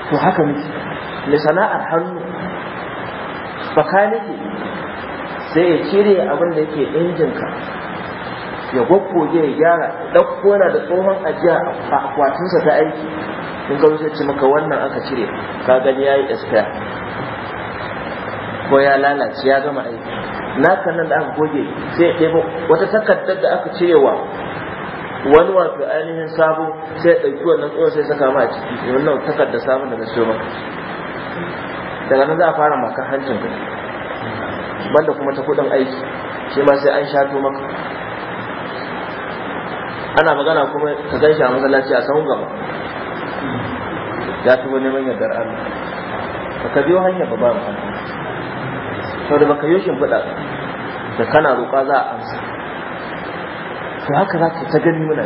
to haka muke da sana'ar hannu baka nake sai ya cire abin da yake injinka ya gwaggoge ya gyara ɗauko yana da tsohon ajiya a akwatinsa ta aiki in ka sai ce maka wannan aka cire ka gani ya yi iska ko ya lalace ya gama aiki na nan da aka goge sai ya ɗebo wata takardar da aka cirewa wani wato ainihin sabo sai ya ɗauki wannan tsohon sai saka ma a ciki wannan takardar sabon da na siyo maka daga nan za a fara maka hancin ka banda kuma ta kudin aiki shi ma sai an shato maka ana magana kuma ka gan shi a masallaci a sahun gaba ya fi wani manyan yardar Allah ba ka biyo hanyar ba ba mu sau da baka yi fada da kana roƙa za a amsa su haka za ka ta gani muna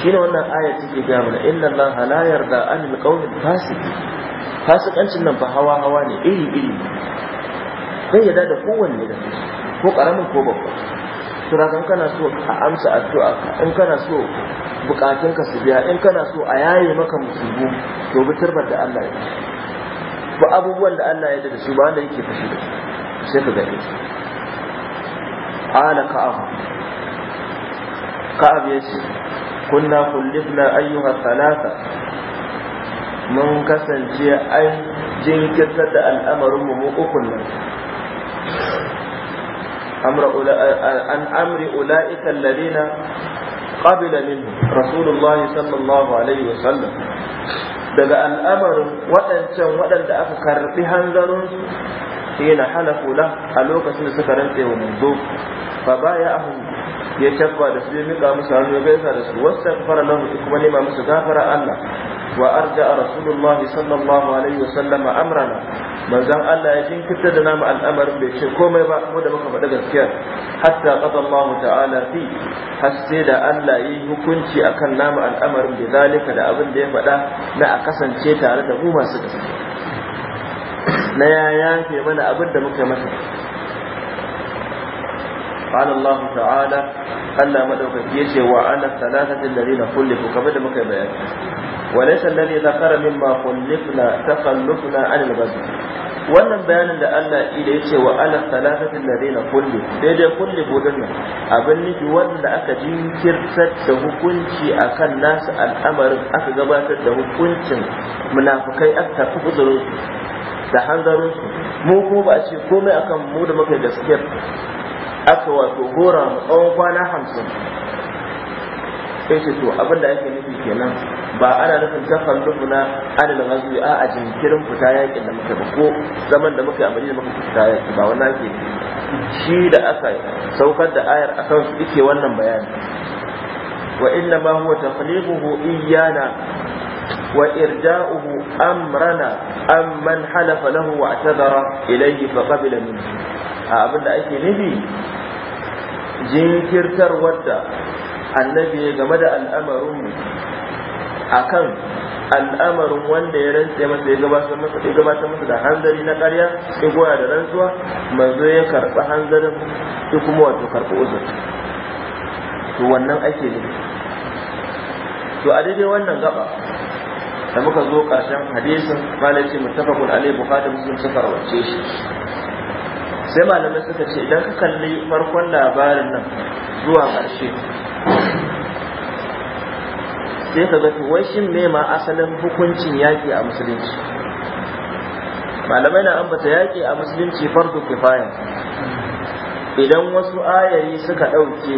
shi ne wannan ayar take gaya mana inna Allah halayar da an alqawmi fasiq fasikancin nan ba hawa hawa ne iri iri zai ya da kowanne da su, ko karamin ko babba turakan kana so a amsa addu'a in kana so bukatun ka su biya in kana so a yaye maka musulmi to bi turbar da Allah ya ba abubuwan da Allah ya da su ba wanda yake fashi da su sai ka gane su ala ka'ab ya ce, kunna kullifna ayyuka Talata. mun kasance an jinkirtar da al'amarin mu mu ukun nan an amri ula'ika alladhina qabila minhu rasulullahi sallallahu alaihi wasallam daga al'amarin waɗancan waɗanda aka karɓi hanzarinsu hina halafu hula a lokacin da suka rantse wa manzo fa ya ahum ya tabba da su ya mika musu hannu ya gaisa da su wasu fara lahu kuma nema musu gafara Allah وأرجع رسول الله صلى الله عليه وسلم أمرنا من زم ألا يجين كتا دنام الأمر بشكوم يبا مدى بك فدقى حتى قضى الله تعالى فيه حسيد ألا يهكنش أكن نام الأمر بذلك لأبن دي فدا لا أكسن شيء تعالى تقوم سكسن لا يانفي من أبن دمك مثلا قال الله تعالى ألا مدوك يشي وعلى الثلاثة الذين خلفوا كما دمك بيان وليس الذي ذكر مما خلفنا تخلفنا عن البذل wannan bayanin da Allah ida ya ce wa ala salatatin da na kulle daidai kulle bodin nan abin nufi wanda aka jinkirtar da hukunci a kan nasu al'amarin aka gabatar da hukuncin munafukai aka tafi kudurin da hanzarin su mu kuma ba a ce komai akan mu da muka gaskiyar aka wato gora mu tsawon kwana hamsin sai ce to abin da ake nufi kenan ba ana nufin takhallufu na anil ghazwi a a jinkirin fita yakin da muka ko zaman da muka yi amfani da muka fita yakin ba wannan ke shi da aka saukar da ayar a su yake wannan bayani wa inna ma huwa takhliquhu iyyana wa irja'uhu amrana amman halafa lahu wa atadara ilayhi fa qabila min a abin da ake nufi jinkirtar wadda annabi game da al'amarin akan al'amarin wanda ya rantse masa ya gabatar masa ya gabatar masa da hanzari na ƙarya ya goya da rantsuwa manzo ya karɓi hanzarin ya kuma wato karɓi uzur to wannan ake ne to a daidai wannan gaba da muka zo ƙarshen hadisin malaci mutafakun alai bukatar muslim suka rawace shi sai malamai suka ce idan ka kalli farkon labarin nan zuwa ƙarshe sai ka ga wai shin me ma asalin hukuncin yaƙi a musulunci malamai na ambata yaƙi a musulunci farko kifaya idan wasu ayari suka ɗauke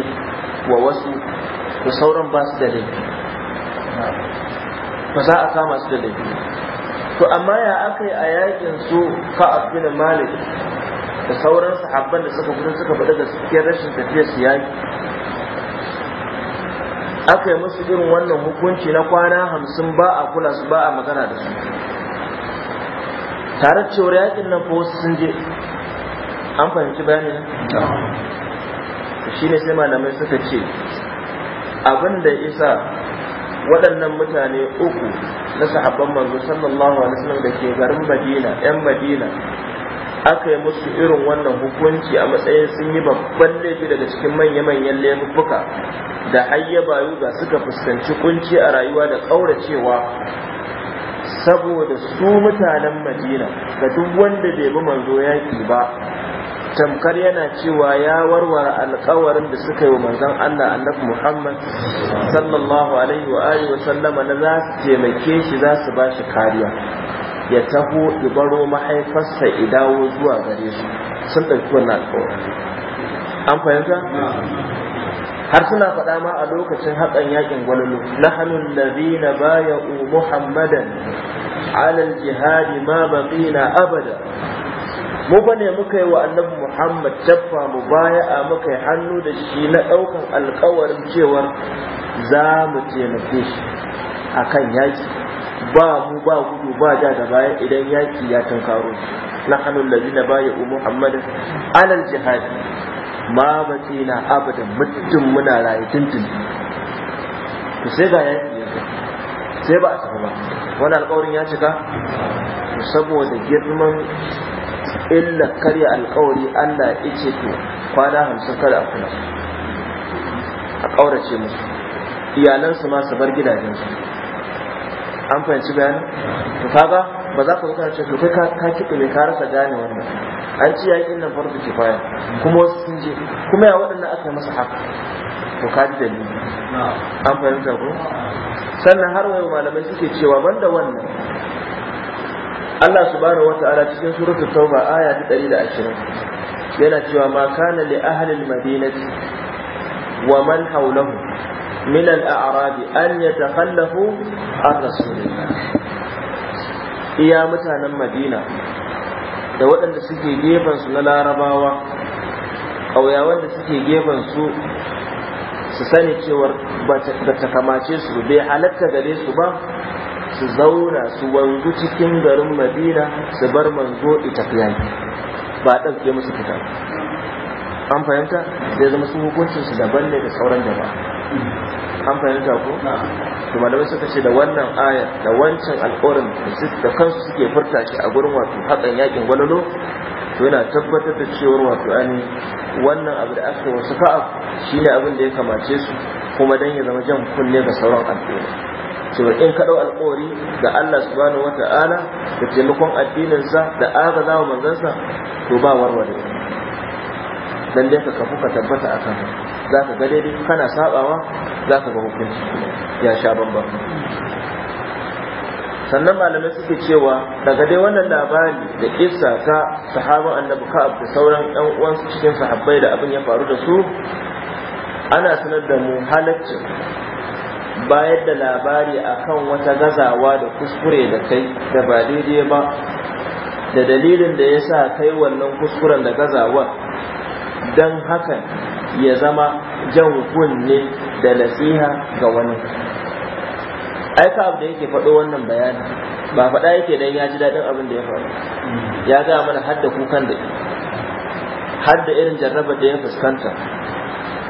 wa wasu da sauran ba su da laifi ba za a kama su da laifi to amma ya aka yi a yaƙin su ka'ab bin malik da sauran sahabban da suka gudu suka faɗa gaskiyar rashin tafiyar su yaƙi aka yi musu irin wannan hukunci na kwana hamsin ba a kula su ba a magana da su tare cewar yakin nan ko wasu sun je an fahimci bayanin shi ne sai malamai suka ce abin da isa waɗannan mutane uku na sahabban manzo sallallahu alaihi wasallam da ke garin Madina 'yan Madina aka yi musu irin wannan hukunci a matsayin sun yi babban laifi daga cikin manya-manyan laifuka da hayya bayu ga suka fuskanci kunci a rayuwa da ƙauracewa saboda su mutanen madina ga duk wanda bai bi manzo yaki ba tamkar yana cewa ya warware alkawarin da suka yi wa manzon Allah annabi Muhammad sallallahu alaihi wa alihi wa sallama na za su taimake shi za su ba shi kariya ya taho ibaro mahaifarsa idawo zuwa gare su sun ɗauki wannan alƙawari an fahimta har suna faɗa ma a lokacin haƙan yakin gwalalu na baya baya'u muhammadan alal jihadi ma na abada mu ba ne muka yi wa annabi muhammad jaffa mu a muka yi hannu da shi na ɗaukan alkawarin cewar za mu taimake shi akan yaki ba mu ba gudu ba da da baya idan yaki ya tankaro na hannun lalina baya umu hamadin alal jihadi ma ce na abadan mutum muna rayu tuntun ku sai ga yaki ya sai ba a tafi ba wani alkawarin ya cika saboda girman illa karya alkawari Allah ya ce to kwana hamsin kada a kula a ƙaurace musu iyalansu ma su bar gidajensu an fahimci bayanin to kaga ba za ka zo kana ce to kai ka ne ka rasa gane wannan an ci yakin nan farko kifaya kuma wasu sun je kuma ya waɗannan aka yi masa haka to ka ji dalili an fahimta ko sannan har wayo malamai suke cewa banda wannan Allah subhanahu wata'ala cikin suratul tauba aya ta 120 yana cewa ma kana li ahli al-madinati wa man hawlahum من الأعراب أن يتخلفوا عن رسول الله iya mutanen madina da waɗanda suke gefen na larabawa ƙauyawan da suke gefen su su sani cewar ba ta kamace su bai halatta gare su ba su zauna su wanzu cikin garin madina su bar manzo ita yaki ba ɗauke musu fita an fahimta sai zama su hukuncinsu daban ne da sauran jama'a an fahimta ko to da wasu ce da wannan aya da wancan alƙawarin da kansu suke furta shi a gurin wato hakan yakin gwalolo to yana tabbatar da cewar wato ani wannan abu da aka wasu ka'a ne abin da ya kamace su kuma dan ya zama jan kunne ga sauran al'umma to in ka ɗau alƙawari ga Allah subhanahu wataala ta'ala da taimakon addininsa da agaza wa manzansa to ba warware dan dai ka kafu ka tabbata akan haka za ka ga daidai kana sabawa za ka ga hukunci ya sha bambam sannan malamai suke cewa daga dai wannan labari da kissa ta sahaba annabi ka'ab da sauran yan uwansu cikin sahabbai da abin ya faru da su ana sanar da mu halacci bayar da labari akan wata gazawa da kuskure da kai da ba daidai ba da dalilin da ya sa kai wannan kuskuren da gazawa don haka ya zama jan kunne da nasiha ga wani aika abu da yake faɗo wannan bayani ba faɗa yake dan ya ji daɗin abin da ya faru ya ga mana har da kukan da har da irin jarrabar da ya fuskanta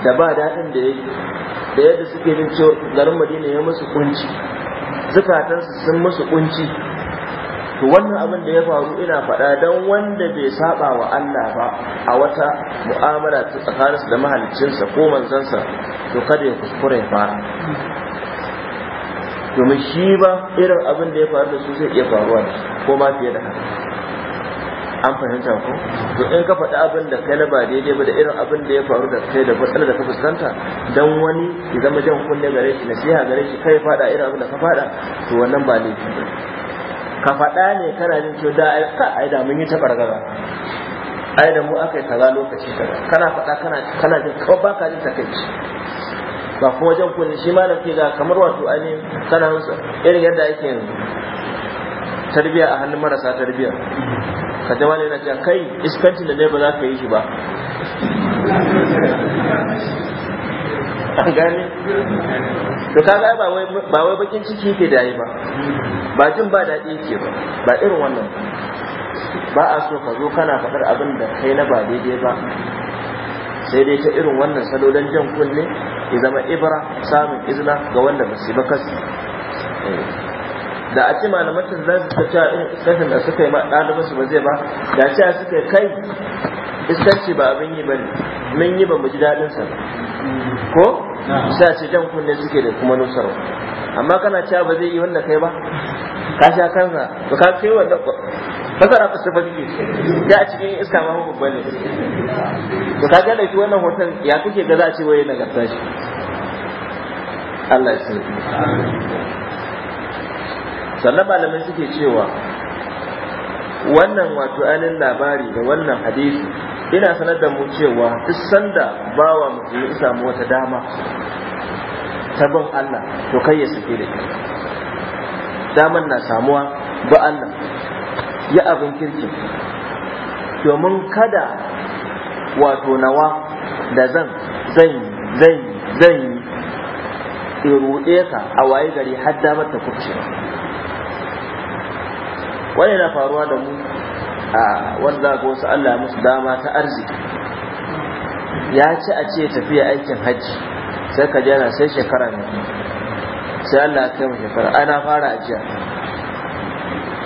da ba daɗin da ya da yadda suke bin cewa garin madina ya musu kunci zukatansu sun musu kunci to wannan abin da ya faru ina faɗa don wanda bai saba wa Allah ba a wata mu'amala ta tsakaninsa da mahaliccinsa ko manzansa to kada ya kuskure ya fara domin shi ba irin abin da ya faru da su zai iya faruwa da ko ma fiye da haka an fahimta ko to in ka faɗi abin da kai na ba daidai ba da irin abin da ya faru da kai da matsalar da ka fuskanta dan wani ya zama jan kunne gare shi nasiha gare shi kai faɗa irin abin da ka faɗa to wannan ba ne. ka faɗa ne kana jin cewa da ai ka ai da mun yi ta bargaza ai da mu aka yi kaza lokaci kaza kana faɗa kana kana jin ko baka ka jin takaici ba kuma wajen kullum shi ma ke ga kamar wato ainihin kana irin yadda ake yanzu tarbiya a hannun marasa tarbiya ka zama ne na kai iskancin da ne ba za ka yi shi ba an gane to kaga ba wai ba wai bakin ciki yake da yi ba ba jin ba dadi yake ba ba irin wannan ba a so ka zo kana faɗar abin da kai na ba daidai ba sai dai ta irin wannan salo don jan kunne ya zama ibra samun izina ga wanda ba su bakas eh. da a ci malamatan za su tafiya in iskancin da suka yi ɗalibin ba zai ba da ce a suka kai iskanci ba abin yi ba ne mun yi ba mu ji daɗin sa ko sai ce jan kunne suke da kuma nusarwa amma kana cewa ba zai yi wanda kai ba ka sha kansa ba ka kai wanda fasara ta su fasike ya a cikin iska ma babban ne to ka ga laifi wannan hoton ya kuke ga za a ce waye nagarta shi Allah ya sani sannan malamin suke cewa wannan wato ainihin labari da wannan hadisi ina sanar da mu cewa duk sanda bawa mutum ya samu wata dama ta bin Allah to kai ya sake da ita daman na samuwa ba Allah ya abin kirkin domin kada wato nawa da zan zan zan zan yi ruɗe ka a waye gari har damar ta kurce wani na faruwa da mu a wanda ko wasu Allah musu dama ta arziki ya ci a ce tafiya aikin hajji sai ka jana sai shekara ne sai Allah kai mu shekara ana fara ajiya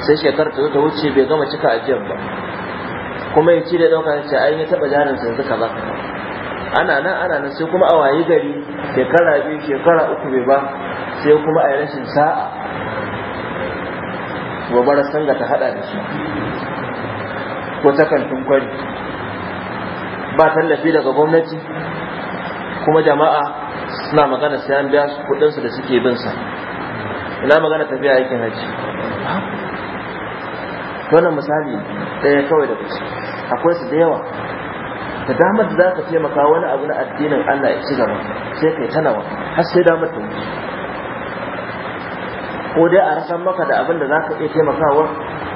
sai shekar ta ta wuce bai gama cika ajiyar ba kuma ya ci da ɗauka ce ai ya taɓa jarin sai suka ba ana nan ana nan sai kuma a wayi gari shekara biyu shekara uku bai ba sai kuma a yi rashin sa'a gobarar sanga ta hada da shi ko ta kantin kwari ba tallafi daga gwamnati kuma jama'a suna magana sai an biya su kudinsu da suke bin sa ina magana tafiya aikin hajji wannan misali ɗaya kawai da kusa akwai su da yawa da damar da za ka taimaka wani abu na addinin Allah ya ci gaba sai kai ta nawa har sai damar ta wuce ko dai a rasan maka da abin da za ka iya taimakawa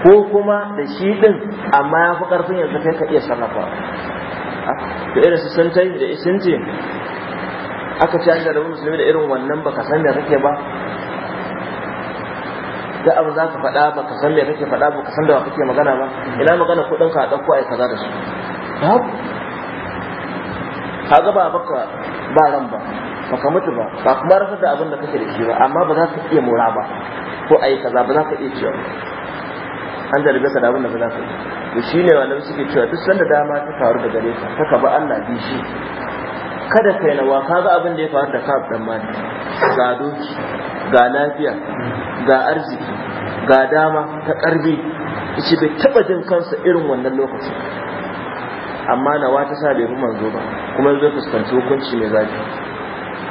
ko kuma da shi din amma ya fi karfin yanzu kai ka iya sarrafa da ah, irin su sun tai da isin ce aka ci da musulmi da irin wannan baka san me kake ba da abu za ka faɗa baka san me kake faɗa baka san da wa kake magana ba ina magana kuɗin ka ɗauko ai kaza da su kaga ba baka ba ran ba baka mutu ba ba kuma rasa da abin da kake da shi ba amma ba za ka iya mura ba ko ai kaza ba za ka iya cewa? an da ka da abin da za ka yi to ne ne suke cewa duk sanda dama ta faru da gare ka ta ba Allah bi shi kada kai na ka ga abin da ya faru da ka dan mali ga doki ga lafiya ga arziki ga dama ta karbi shi bai taba jin kansa irin wannan lokacin amma na wata sa bai fi zo ba kuma zai fuskanci hukunci mai zafi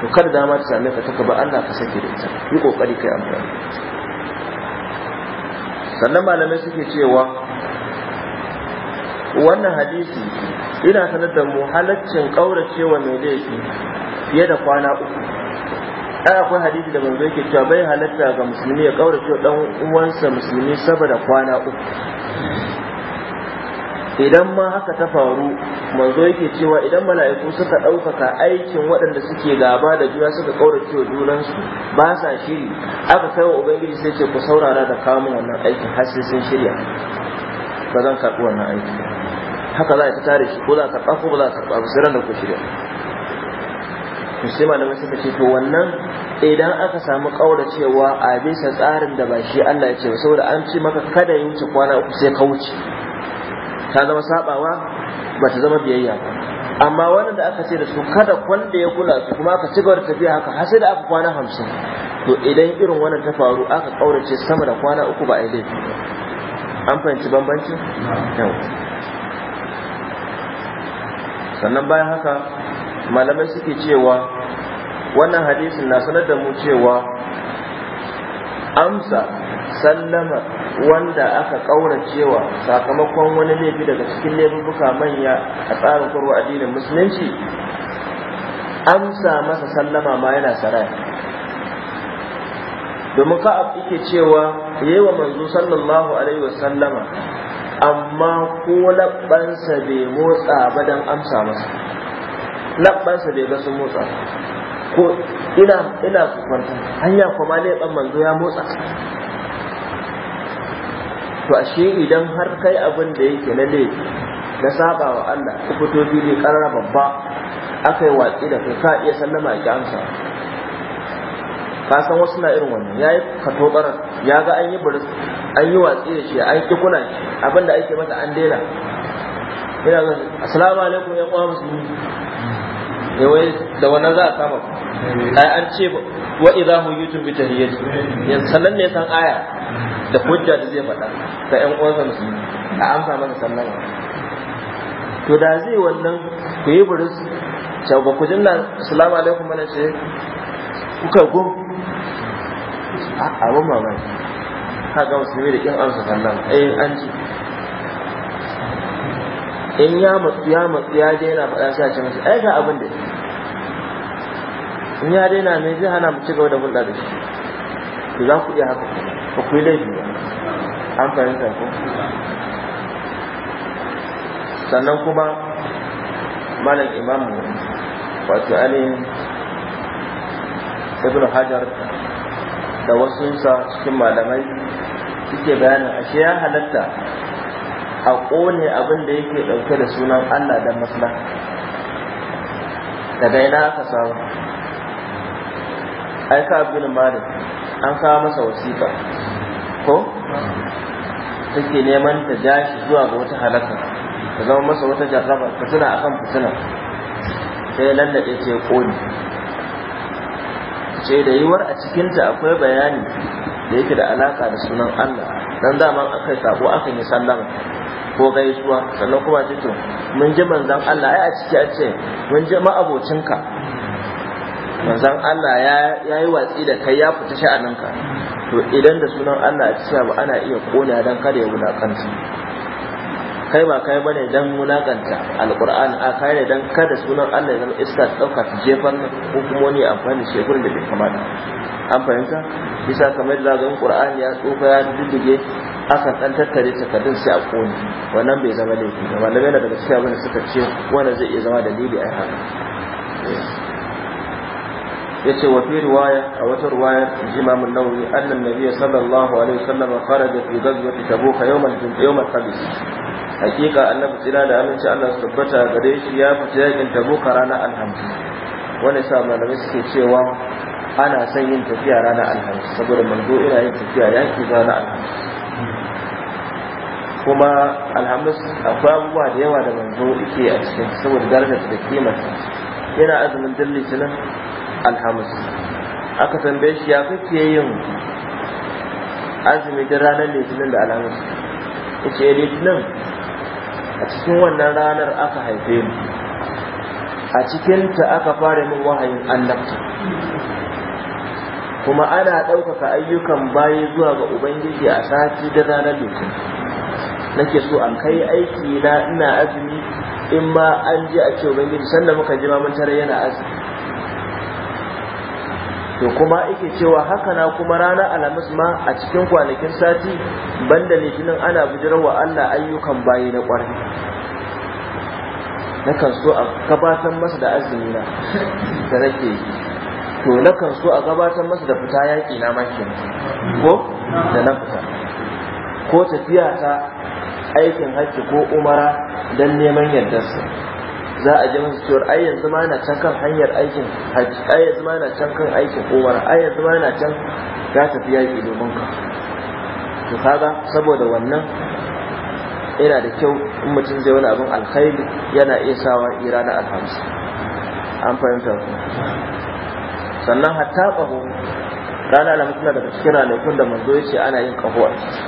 to kada dama ta same ka ta ba Allah ka sake da ita yi kokari kai amfani sannan malamai suke cewa wannan hadisi ina sanar da mu halaccin kauracewa mai laifi fiye da kwana uku ai akwai hadisi da manzo yake cewa bai halatta ga musulmi ya kaurace ɗan uwansa musulmi saboda kwana uku idan ma haka ta faru manzo yake cewa idan mala'iku suka ɗaukaka aikin waɗanda suke gaba da juna suka ƙaurace wa junansu ba sa shiri aka kai wa ubangiji sai ce ku saurara da kamun wannan aikin har sai sun shirya ba zan karɓi wannan aiki haka za a ta tare shi ko za a karɓa ko ba za a karɓa ba sai ran da ku shirya to sai malamai suka ce to wannan idan aka samu ƙauracewa a bisa tsarin da ba shi Allah ya ce ba saboda an ce maka kada yi wuce kwana uku sai ka wuce ta zama sabawa ba ta zama biyayya ba amma wannan da aka ce da su kada kwanda ya kula su kuma aka cigaba da tafiya haka har sai da aka kwana hamsin to idan irin wannan ta faru aka kaurace sama da kwana uku ba a yi laifi an fahimci bambanci sannan bayan haka malamai suke cewa wannan hadisin na sanar da mu cewa amsa sallama wanda aka kauracewa sakamakon wani laifi daga cikin laifuka manya a tsarin kurwa addinin musulunci amsa masa sallama ma yana saraya domin ka ike cewa yi wa manzo sallallahu alaihi wa sallama amma ko labbansa bai motsa ba don amsa masa labbansa bai ga sun motsa ko ina su kwanta hanya kuma leban manzo ya motsa to ashe idan har kai abin da yake na laifi na saba wa Allah ku fito fili karara babba aka yi watsi da kai ka iya sallama a amsa ka san wasu na irin wannan yayi katobar ya ga an yi buris an yi watsi da shi an ki kuna abin da ake mata an daina ina zan assalamu alaikum ya kwa musulmi eh wai da wannan za a saba ai an ce wa idza huyitu bi tahiyyati yanzu sannan ne san aya da hujja da zai faɗa ga ƴan uwansa musulmi a amsa masa sannan to da zai wannan ku yi buris cewa ba ku jinna assalamu alaikum mana ce kuka gum a abin mamaki ka ga musulmi da kin amsa sannan eh an ji in ya matsu ya matsu ya je yana faɗa sai a ce masa ai ga abin da ya in ya daina me zai hana mu cigaba gaba da hulɗa da shi to za ku iya haka ba ku yi laifi ba an fahimta ko sannan kuma malam imamu wato ali ibn hajar da wasunsa cikin malamai suke bayanin ashe ya halatta a ƙone abin da yake ɗauke da sunan allah da maslaha daga ina aka samu ai ka bin malik an kawo masa wasiƙa ko take neman ta ja shi zuwa ga wata halaka ta zama masa wata jarraba fitina akan fitina sai lallaɓe ce ƙoni ce da yiwuwar a cikinta akwai bayani da yake da alaka da sunan Allah dan zaman aka yi sabo aka yi sallama ko gaisuwa sannan kuma ce to mun ji manzon Allah ai a ciki a ce mun ji ma'abocinka manzon Allah ya yi watsi da kai ya fita sha'aninka to idan da sunan Allah ci ba ana iya kona dan kada ya wulakanta kai ba kai bane don wulakanta alqur'ani a kai ne don kada sunan Allah ya zama iska ta dauka ta jefar na kuma wani amfani shi da bai kamata an fahimta bisa kamar da zagon qur'ani ya tsoka ya diddige akan dan tattare takardun sai a kone wannan bai zama laifi ba malamai daga cikin abin da suka ce wanda zai iya zama dalili a haka yace wa fi riwaya a wata riwaya Imam an-Nawawi anna an-nabiy sallallahu alaihi wasallam kharaja fi ghazwati Tabuk yawm al-yawm al-khamis hakika annabi tsira da aminci Allah su tabbata gare shi ya fita yakin Tabuk ranar alhamis wani sa malamai suke cewa ana son yin tafiya ranar alhamis saboda manzo ina yin tafiya yaki na alhamis kuma alhamis akwai abubuwa da yawa da manzo yake a cikin saboda darajar da kimar yana azumin dalli dillitinin alhamis aka tambaye shi ya kake yin azumi da ranar litinin da alhamis ya ce eh, litinin a cikin wannan ranar aka haife ni a cikinta aka fara min wahayin annabta kuma ana ɗaukaka ayyukan baya zuwa ga ubangiji a sati da ranar litinin nake so an kai aiki na ina azumi in ma an ji a ce ubangiji sannan muka ji ma mun tare yana azumi to kuma ake cewa haka na kuma ranar alhamis ma a cikin kwanakin sati banda litinin ana wa Allah ayyukan bayi na ƙwarai nakan so a gabatar masa da azumi na da nake yi to nakan so a gabatar masa da fita yaƙi na maki ko da na fita ko tafiya ta aikin hajji ko umara don neman yardarsa za a ji masa cewar ai yanzu ma na can kan hanyar aikin hajji ai yanzu ma na can kan aikin umara ai yanzu ma na can ya tafi yaƙi domin ka to kaga saboda wannan yana da kyau in mutum zai wani abin alkhairi yana iya sawa ira na alhamis an fahimta ku sannan hatta ƙaho rana alhamis na daga cikin ranakun da manzo ya ce ana yin ƙaho a ciki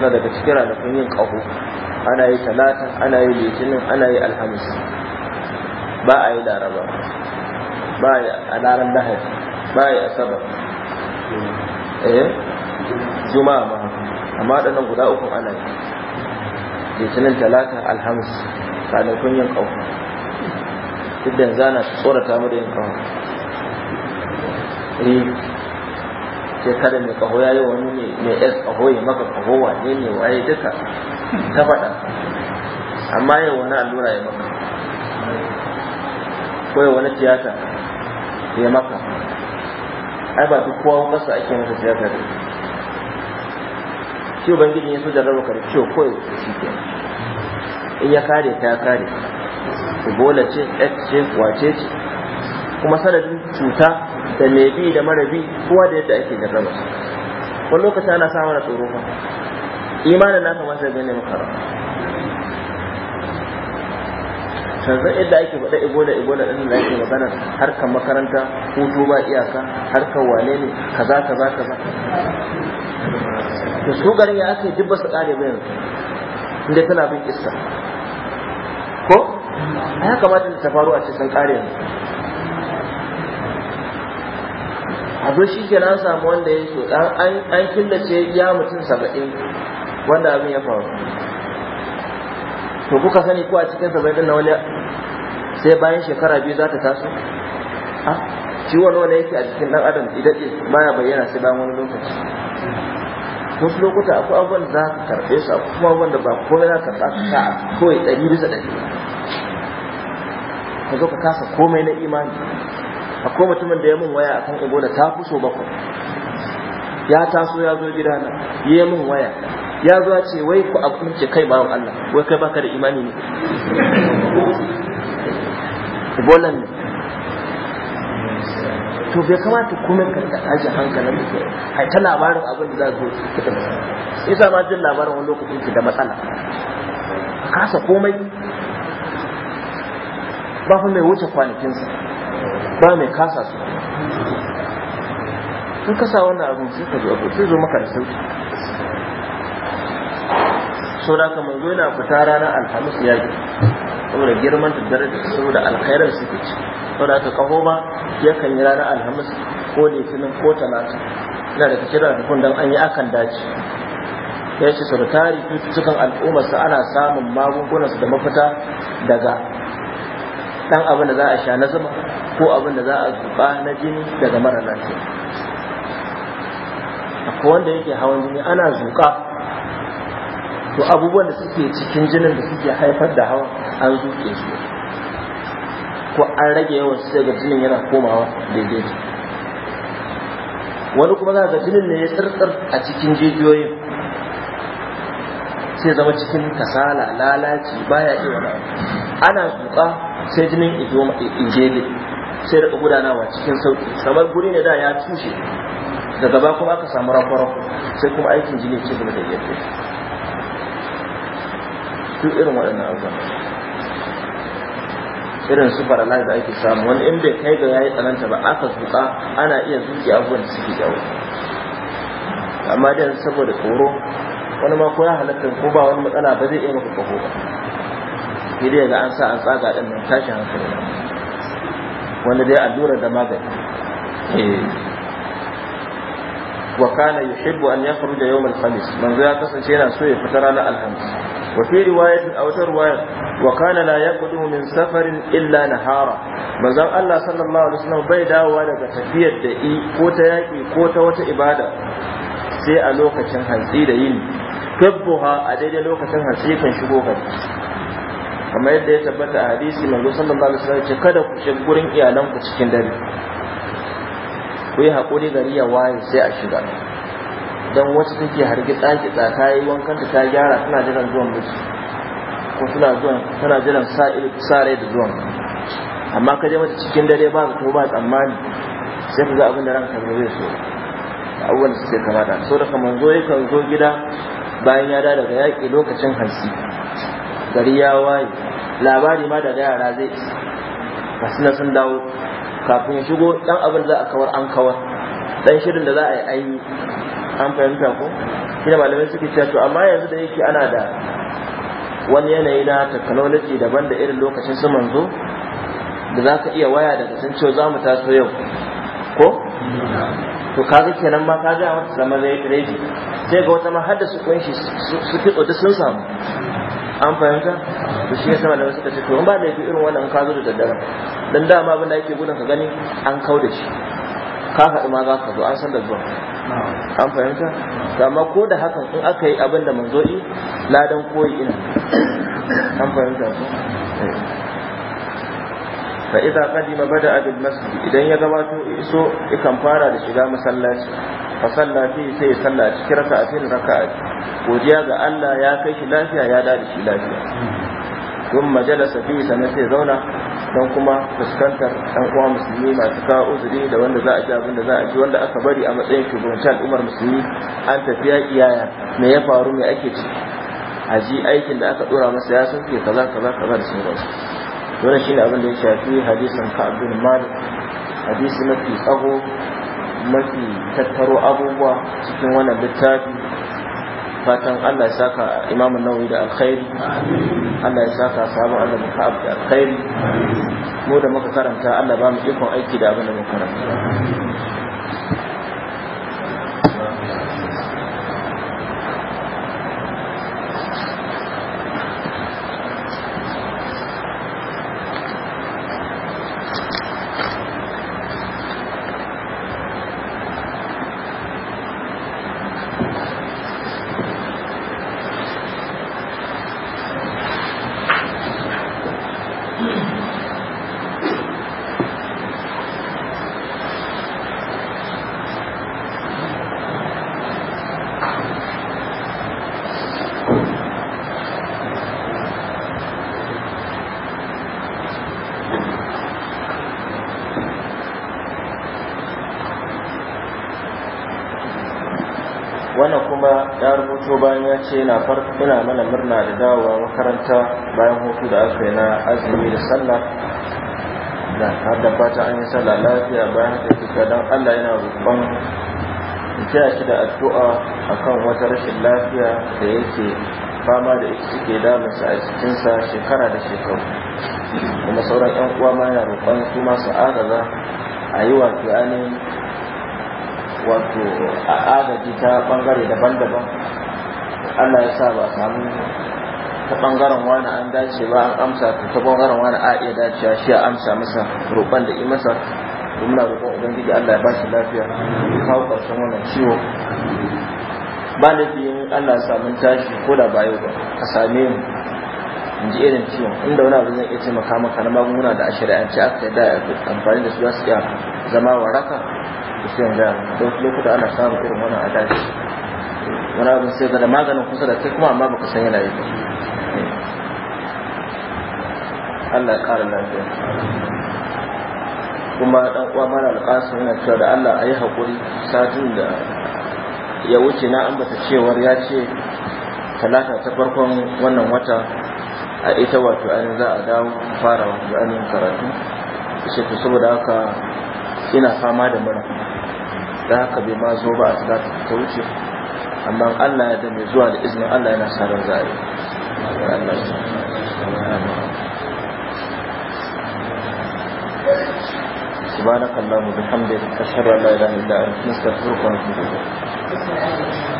na daga cikin ranakun yin ƙaho ana yi talata ana yi litinin ana yi alhamis ba a yi laraba ba a yi a ranar lahari ba a yi asabar eh juma'a ba. amma waɗannan guda uku ana yi litinin talata alhamis ranakun yin ƙawa duk da za na tsorata mu da yin ƙawa eh sai kada mai ƙaho ya yi wani mai es ƙaho ya maka ƙaho wane ne waye duka ta faɗa amma yau wani allura ya maka ko wani tiyata ya maka ai ba duk kowa kasa ake masa tiyata da shi ubangiji ya so jarraba ka da ciwo ko ya shi ke in ya kare ta ya kare bola ce ce wace ce kuma sanadin cuta da mai da mara kowa da yadda ake jarraba wani lokaci ana samun tsoro fa imanin naka masa gane makarar sanzan inda ake faɗa ibola da ɗin da ake magana harkar makaranta hutu ba iyaka harkar wane ne kaza kaza kaza da su garin ya ake duk su ƙare bayan inda tana bin kissa ko ya kamata ta faru a ce sun ƙare yanzu abin shi ke na samu wanda ya so an killace ya mutum saba'in wanda abin ya faru to kuka sani ko a cikin saba'in din na wani sai bayan shekara biyu za ta taso ciwon wani yake a cikin dan adam idan baya bayyana sai bayan wani lokaci wasu lokuta akwai abubuwan da za ka karɓe su akwai kuma abubuwan da ba komai za ka karɓa ka a kawai ɗari bisa ɗari ka zo ka kasa komai na imani akwai mutumin da ya mun waya akan ebola ta fi so bakwai ya taso ya zo gidana ya mun waya ya zo ce wai ku akunce kai bawan Allah wai kai baka da imani ne bolan to bai kamata kuma ka aji hankalin da kai ta labarin abin da za zo sai sa ma jin labarin wani lokacin ki da matsala kasa komai ba fa mai wuce kwanakinsa ba mai kasa su sun kasa wannan abin sai ka zo sai zo maka da sauki saboda haka manzo yana fita ranar alhamis ya yi. saboda girman da daraja saboda alkhairar suke ci saboda haka kaho ma kan yi ranar alhamis ko litinin ko talata ina da kira da kun dan an yi akan dace ya ce sau tari cututtukan su ana samun su da mafita daga ɗan abin da za a sha na zuma ko abin da za a zuba na jini daga mara lafiya akwai wanda yake hawan jini ana zuƙa to abubuwan da suke cikin jinin da suke haifar da hawa an zuke su ko an rage yawan su daga jinin yana komawa daidai wani kuma za ga jinin ne ya tsirtsir a cikin jijiyoyin sai zama cikin kasala lalaci baya iya wani ana tsuka sai jinin izo ingeli sai da gudanawa cikin sauki kamar guri ne da ya tushe daga ba kuma aka samu rafa-rafa sai kuma aikin jini ce zama da yadda duk irin waɗannan abubuwan irin su paralyze da ake samu wani in bai kai ga yayi tsananta ba aka zuƙa ana iya zuke abubuwan da suke jawo amma da saboda tsoro wani ma ko ya halatta ko ba wani matsala ba zai iya maka kwaho ba sai dai ga an sa an tsaga din nan tashin hankali wanda dai allura da magani eh. wa kana yuhibbu an yakhruja yawm al-khamis manzo ya kasance yana so ya fita ranar alhamis وفي رواية أو رواية وكان لا يقدم من سفر إلا نهارا manzon Allah sallallahu alaihi wasallam bai dawowa daga tafiyar da i ko ta yaki ko ta wata ibada sai a lokacin hantsi da yini kabbuha a daidai lokacin hantsi kan shigo gari kamar yadda ya tabbata a hadisi manzo sallallahu alaihi wasallam ce kada ku shiga gurin iyalanku cikin dare ku yi haƙuri gari ya waye sai a shiga don wacce take hargitsa kitsa ta yi wankan ta ta gyara tana jiran zuwan musu ko tana tana jiran sa rai da zuwan amma ka je mata cikin dare ba zato ba tsammani sai ka ga abin da ranka zai so abubuwan da kamata so da kamar zo yi kan zo gida bayan ya da daga yaƙi lokacin hansi gari ya waye labari ma daga yara zai ga na sun dawo kafin shigo ɗan abin za a kawar an kawar ɗan shirin da za a yi an yi an fahimta ko shi malamai suke cewa to amma yanzu da yake ana da wani yanayi na technology daban da irin lokacin su manzo da za ka iya waya daga sun cewa za mu taso yau ko to ga kenan ma kaga a wata zama zai reji sai ga wata ma har da su kunshi su kitso duk sun samu an fahimta to shi yasa malamai suka ce to in ba laifi irin wannan ka zo da daddare dan dama abin da yake gudun ka gani an kauda da shi ka haɗu ma za ka zo an san da zuwa an fahimta amma ko da hakan in aka yi abin da manzo'i ladan koyi ina an fahimta su fa idza qadima bada'a bil masjid idan ya gabato iso ikan fara da shiga masallaci fa sallati sai salla cikin raka'atin raka'at godiya ga Allah ya kai shi lafiya ya dace shi lafiya kuma jalasa fi sana zauna don kuma fuskantar ɗan uwa musulmi masu kawo uzuri da wanda za a ji abin da za a ji wanda aka bari a matsayin shugabancin al'ummar musulmi an tafi tafiya iyaya me ya faru me ake ci a ji aikin da aka ɗora masa ya sauke kaza kaza kaza da sun sauransu shi ne abin da ya shafi hadisin ka abdul malik hadisi mafi tsago mafi tattaro abubuwa cikin wannan littafi fatan Allah ya saka Imam Nawawi da alkhairi Allah ya saka sabon Allah Muhammad da alkhairi mu da muka karanta Allah ba mu ikon aiki da abin da muka karanta wannan kuma ya rubuto bayan ya ce yana farko ina mana murna da dawowa makaranta bayan hutu da aka yi na azumi da sallah da har da fata an yi sallah lafiya bayan haka ka don Allah yana roƙon kiya shi da addu'a akan wata rashin lafiya da yake fama da ita suke damunsa a cikinsa shekara da shekaru kuma sauran 'yan uwa ma yana roƙon su masu agaza a yi wato ainihin wato a adadi ta bangare daban-daban Allah ya sa ba samu ta bangaren wani an dace ba an amsa ta ta bangaren wani a iya dacewa shi a amsa masa roƙon da yi masa muna roƙon ubangiji Allah ya ba shi lafiya kawo ƙarshen wannan ciwo ba da fiye Allah ya samu tashi ko da bayo ba a same mu in ji irin ciwon inda wani abu zai iya taimaka maka na magunguna da a shari'ance aka yi da amfani da su za su iya zama waraka sai lokuta ana samun irin wani a wani abin sai da maganin kusa da kai kuma amma baka san yana yi Allah ya ƙara lafiya kuma dan uwa mara yana cewa da Allah a yi haƙuri satin da ya wuce na ambata cewar ya ce talata ta farkon wannan wata a ita wato ainihin za a dawo fara wato ainihin karatu shi saboda haka ina fama da mura da haka bai ma zo ba a za ta wuce amma Allah ya da mai zuwa da izinin Allah yana sa ran za'a سبحانك اللهم وبحمدك اشهد ان لا اله الا انت نستغفرك ونتوب اليك